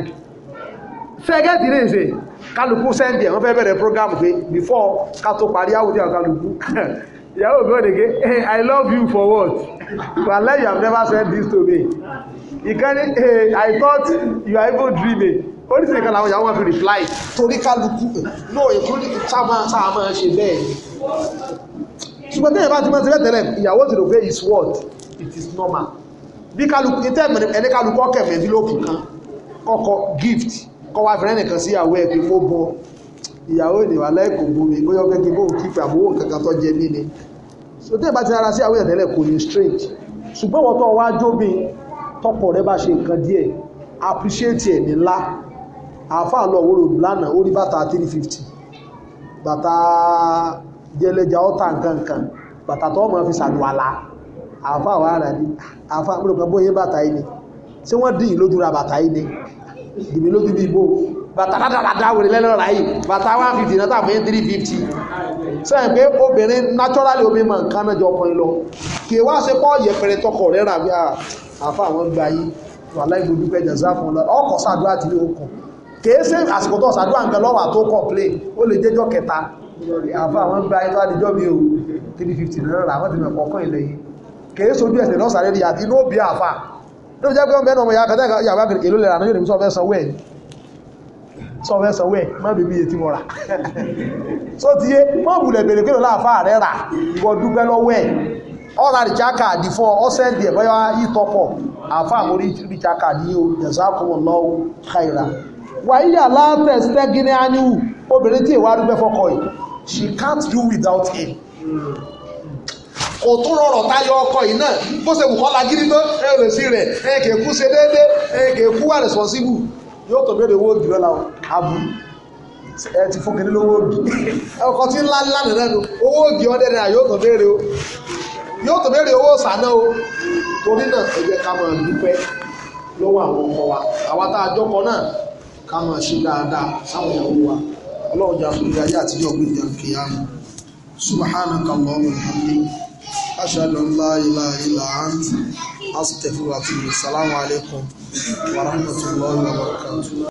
fẹ́gẹ́tì ní ìsìn kálukú sẹ́ndì ẹ̀ wọ́n fẹ́ bẹ̀rẹ̀ prógámù pé before ká tó parí àwùjọ kálukú ìyàwó mi ò dèké I love you for what? Wàlẹ́ you have never said this to me ìkànnì eh, i thought you are even dreaming oríṣi nìkan làwọn ìyàwó wọn fi reply torí kálukú eh, no including sáàmà sáàmà ṣe bẹ́ẹ̀ ṣùgbọ́n tẹ́yìn bá ti máa ti bẹ́ẹ̀ tẹ́lẹ̀ ìyàwó ti rò pé is what it is normal bí kálukú ìtẹ́ ẹni kálukú ọkẹ̀ mẹ́dínlógún kan kọ́kọ́ gift kọ́ wá fẹ́rẹ́ nìkan sí ìyàwó ẹ̀ pé mo bọ ìyàwó ìnìwà lẹ́ẹ̀kọ́ bomi bóyá ọgbẹ́ kí bóun kíkì àbówó kankan tó jẹ mí ni so tẹ́yìn bá ti rárá sí ìyàwó ẹ̀ tẹ́lẹ̀ kò ní strange ṣùgbọ́n wọ́n tó wá jóbin tọkọ rẹ bá ṣe nǹkan díẹ̀ appreciate ẹ̀ nílá àáfàá lọ wọ́rọ̀ lánàá ó rí bàtà three fifty bàtà jẹlẹjà ọ̀tà nkankan bàtà tó ọmọ fi ṣàdùàlà àáfàá wà rà ní àáfàá pẹ̀lú pẹ̀lú bóyá bàtà yìí ni ṣé wọ́n dín ìlójú ra bàtà yìí ni dìbì lójú bí ibo bàtà dáadáa wèrè lẹ́lọ́ ra yìí bàtà one fifty náà tàbí three fifty sẹ́yìn pé obìnrin naturally omi máa ń kánná jọ ọkùnrin lọ kì í wá ṣe pọ́ yẹpẹrẹ tọkọ àfa àwọn gba yín wà láì gbójú pé jẹ̀sà fún un lọ ọkọ̀ sàdúrà tí ó kàn kìí ṣe àsìkò tó sàdúrà nǹkan lọ́wọ́ àtó complain ó lè jẹ́jọ́ kẹta àfa àwọn gba yín tó adijọ́ mi o three fifty náírà làwọn ti mọ̀ kọ̀ọ̀kan ilẹ̀ yìí kìí sojú ẹ̀sìn náà sàrẹ́ di àti inú òbí àfa ló jẹ́ pé wọ́n bẹ́ẹ̀ ọmọ yàtọ̀ yàrá kìrìkì ló lè rà náà sọ fẹ́ sanwó ẹ̀ sọ fẹ́ sanwó ẹ̀ má tí [LAUGHS] yé mọ́ bùlẹ̀ bèrè kí rẹ̀ rà ìwọ ọ ọ́sẹ̀ndì ẹ̀ bọ́yá ìtọ́pọ̀ àfáà mórí rìchá káàdì yóò jazakumullahu khaira wàhíyà látẹ̀sẹ̀ gíní áníwù obìnrin tí ìwà arúgbẹ́ fọ́kọ yìí she can't do without him kò tún rọrọ̀ táyọ̀ ọkọ yìí náà bó ṣe wùkọ́ la gírí tó ẹ lè sí rẹ̀ ẹ kè kú ṣe déédé ẹ kè kú wà responsible yóò tó béèrè owó ẹ ti fún kiri owo òbí ọkọ̀ tí nla ńlá nìyẹn owo òbí ọdẹ náà yóò o yóò tó béèrè owó sànà o torí náà ẹ jẹ́ ká máa dúpẹ́ lọ́wọ́ àwọn ọkọ wa àwa tá a jọkọ náà ká máa ṣe dáadáa sáwọn ìyàwó wa ọlọ́run jà fún ìdájọ́ àti ní ọgbìn ìjà kìyàmù subhanaka allahumma wa